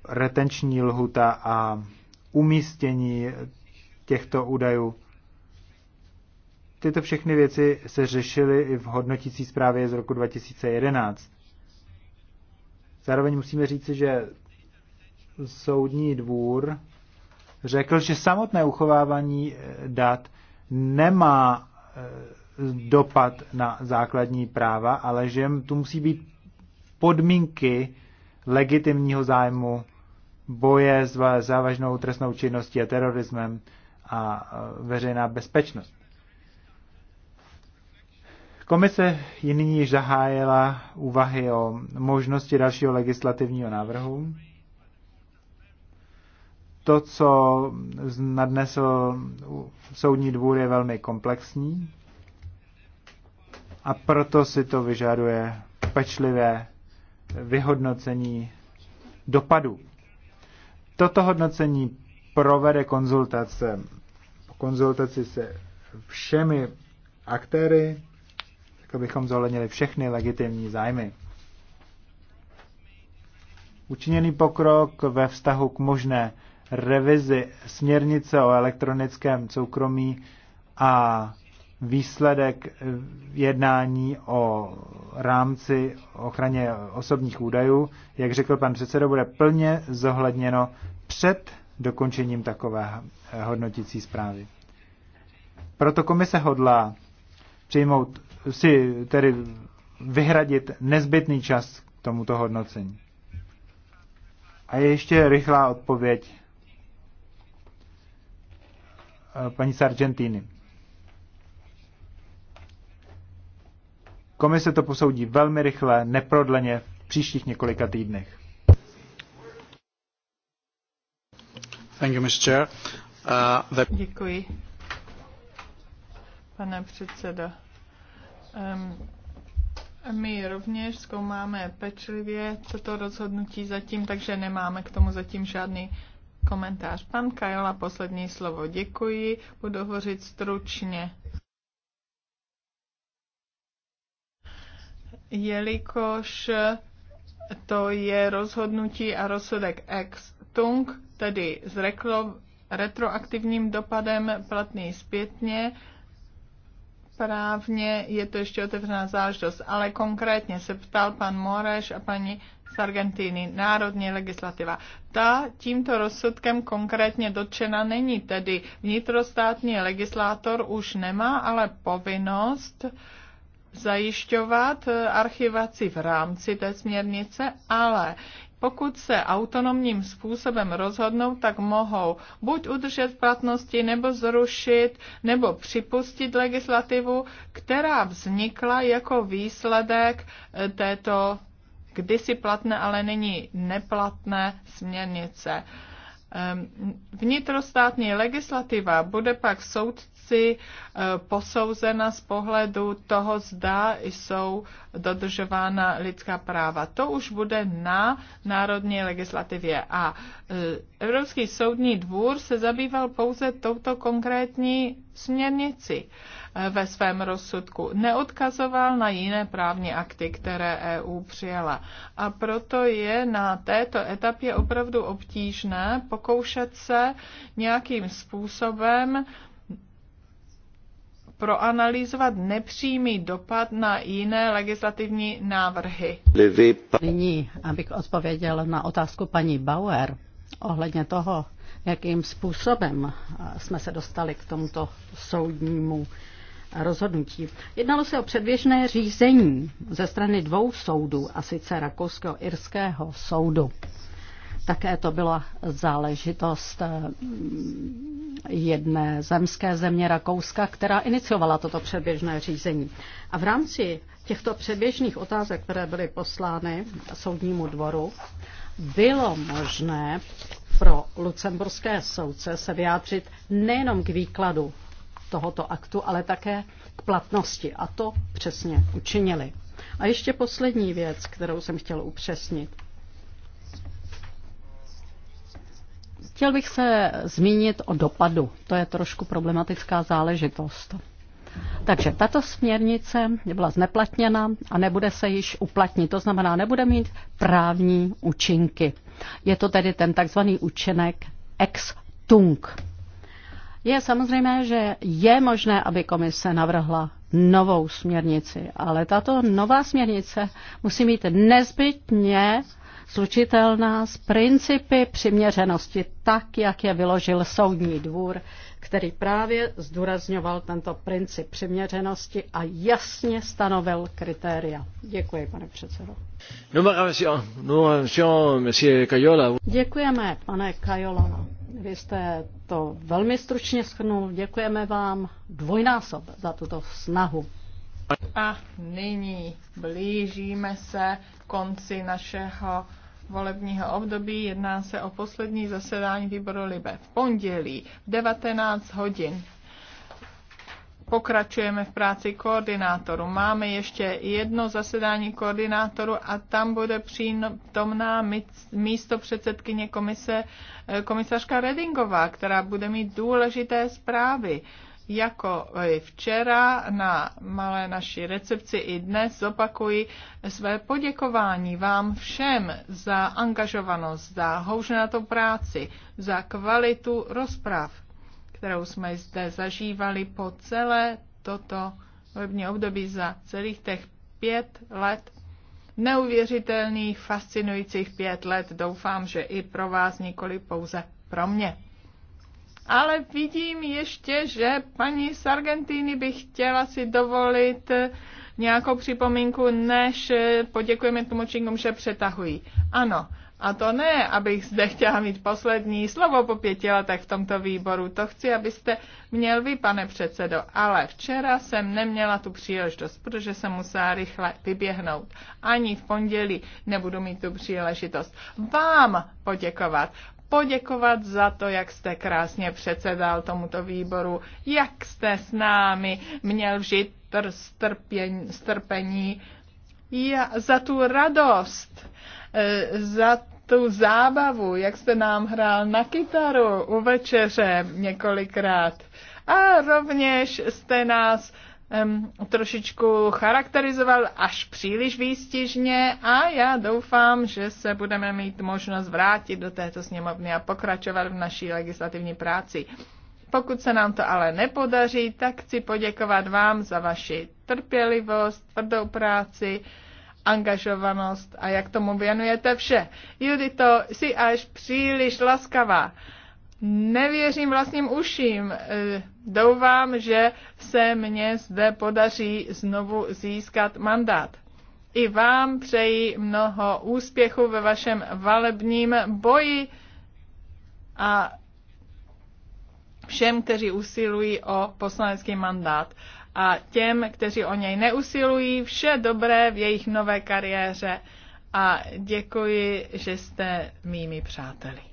retenční lhuta a umístění těchto údajů. Tyto všechny věci se řešily i v hodnotící zprávě z roku 2011. Zároveň musíme říci, že soudní dvůr řekl, že samotné uchovávání eh, dat nemá eh, dopad na základní práva, ale že tu musí být podmínky legitimního zájmu boje s závažnou trestnou činností a terorismem a veřejná bezpečnost. Komise ji nyní již zahájila úvahy o možnosti dalšího legislativního návrhu. To, co nadnesl soudní dvůr, je velmi komplexní a proto si to vyžaduje pečlivé vyhodnocení dopadů. Toto hodnocení provede konzultace, konzultaci se všemi aktéry, tak abychom zohlednili všechny legitimní zájmy. Učiněný pokrok ve vztahu k možné revizi směrnice o elektronickém soukromí a výsledek jednání o rámci ochraně osobních údajů, jak řekl pan předseda, bude plně zohledněno před dokončením takové hodnotící zprávy. Proto komise hodlá přijmout si tedy vyhradit nezbytný čas k tomuto hodnocení. A ještě rychlá odpověď eh, paní Sargentini. Komise to posoudí velmi rychle, neprodleně v příštích několika týdnech. Thank you, Mr. Chair. Uh, the... Děkuji, pane předsedo. Um, my rovněž zkoumáme pečlivě toto rozhodnutí zatím, takže nemáme k tomu zatím žádný komentář. Pan Kajola, poslední slovo. Děkuji, budu hovořit stručně. jelikož to je rozhodnutí a rozsudek ex tung, tedy s retroaktivním dopadem platný zpětně, právně je to ještě otevřená záležitost, ale konkrétně se ptal pan Moreš a paní z národní legislativa. Ta tímto rozsudkem konkrétně dotčena není, tedy vnitrostátní legislátor už nemá ale povinnost uh, zajišťovat eh, archivaci v rámci té směrnice, ale pokud se autonomním způsobem rozhodnou, tak mohou buď udržet v platnosti, nebo zrušit, nebo připustit legislativu, která vznikla jako výsledek eh, této kdysi platné, ale nyní neplatné směrnice. Ehm, vnitrostátní legislativa bude pak soudci eh, posouzena z pohledu toho, zda jsou dodržována lidská práva. To už bude na národní legislativě. A eh, Evropský soudní dvůr se zabýval pouze touto konkrétní směrnici. Eh, ve svém rozsudku. Neodkazoval na jiné právní akty, které EU přijala. A proto je na této etapě opravdu obtížné pokoušet se nějakým způsobem proanalýzovat nepřímý dopad na jiné legislativní návrhy. Nyní, abych odpověděl na otázku paní Bauer ohledně toho, jakým způsobem eh, jsme se dostali k tomuto soudnímu rozhodnutí. Jednalo se o předběžné řízení ze strany dvou soudů, a sice Rakouského irského soudu. Také to byla záležitost eh, jedné zemské země Rakouska, která iniciovala toto předběžné řízení. A v rámci těchto předběžných otázek, které byly poslány soudnímu dvoru, bylo možné pro lucemburské soudce se vyjádřit nejenom k výkladu tohoto aktu, ale také k platnosti. A to přesně učinili. A ještě poslední věc, kterou jsem chtěl upřesnit. Chtěl bych se zmínit o dopadu. To je trošku problematická záležitost. Takže tato směrnice byla zneplatněna a nebude se již uplatnit, to znamená, nebude mít právní účinky. Je to tedy ten takzvaný účinek ex tung. Je samozřejmé, že je možné, aby komise navrhla novou směrnici, ale tato nová směrnice musí být nezbytně slučitelná s principy přiměřenosti, tak jak je vyložil soudní dvůr, který právě zdůrazňoval tento princip přiměřenosti a jasně stanovil kritéria. Děkuji, pane předsedo. Děkujeme, pane Kajola. Vy jste to velmi stručně schrnul. Děkujeme vám dvojnásob za tuto snahu. A nyní blížíme se konci našeho volebního období. Jedná se o poslední zasedání výboru Libe v pondělí v 19 hodin pokračujeme v práci koordinátoru. Máme ještě jedno zasedání koordinátoru a tam bude přítomná místo předsedkyně komise eh, komisařka Redingová, která bude mít důležité zprávy. Jako včera na malé naší recepci i dnes zopakuji své poděkování vám všem za angažovanost, za houžnatou práci, za kvalitu rozprav kterou jsme zde zažívali po celé toto volební období za celých těch pět let. Neuvěřitelných, fascinujících pět let. Doufám, že i pro vás, nikoli pouze pro mě. Ale vidím ještě, že paní z by chtěla si dovolit nějakou připomínku, než poděkujeme tlumočníkům, že přetahují. Ano, a to ne, abych zde chtěla mít poslední slovo po pěti letech v tomto výboru. To chci, abyste měl vy, pane předsedo. Ale včera jsem neměla tu příležitost, protože jsem musela rychle vyběhnout. Ani v pondělí nebudu mít tu příležitost. Vám poděkovat. Poděkovat za to, jak jste krásně předsedal tomuto výboru, jak jste s námi měl vžit tr- strpěň, strpení, ja, za tu radost eh, za tu zábavu, jak jste nám hrál na kytaru u večeře několikrát. A rovněž jste nás um, trošičku charakterizoval až příliš výstižně a já doufám, že se budeme mít možnost vrátit do této sněmovny a pokračovat v naší legislativní práci. Pokud se nám to ale nepodaří, tak chci poděkovat vám za vaši trpělivost, tvrdou práci, angažovanost a jak tomu věnujete vše. Judito, jsi až příliš laskavá. Nevěřím vlastním uším. E, doufám, že se mně zde podaří znovu získat mandát. I vám přeji mnoho úspěchu ve vašem valebním boji a všem, kteří usilují o poslanecký mandát a těm, kteří o něj neusilují, vše dobré v jejich nové kariéře a děkuji, že jste mými přáteli.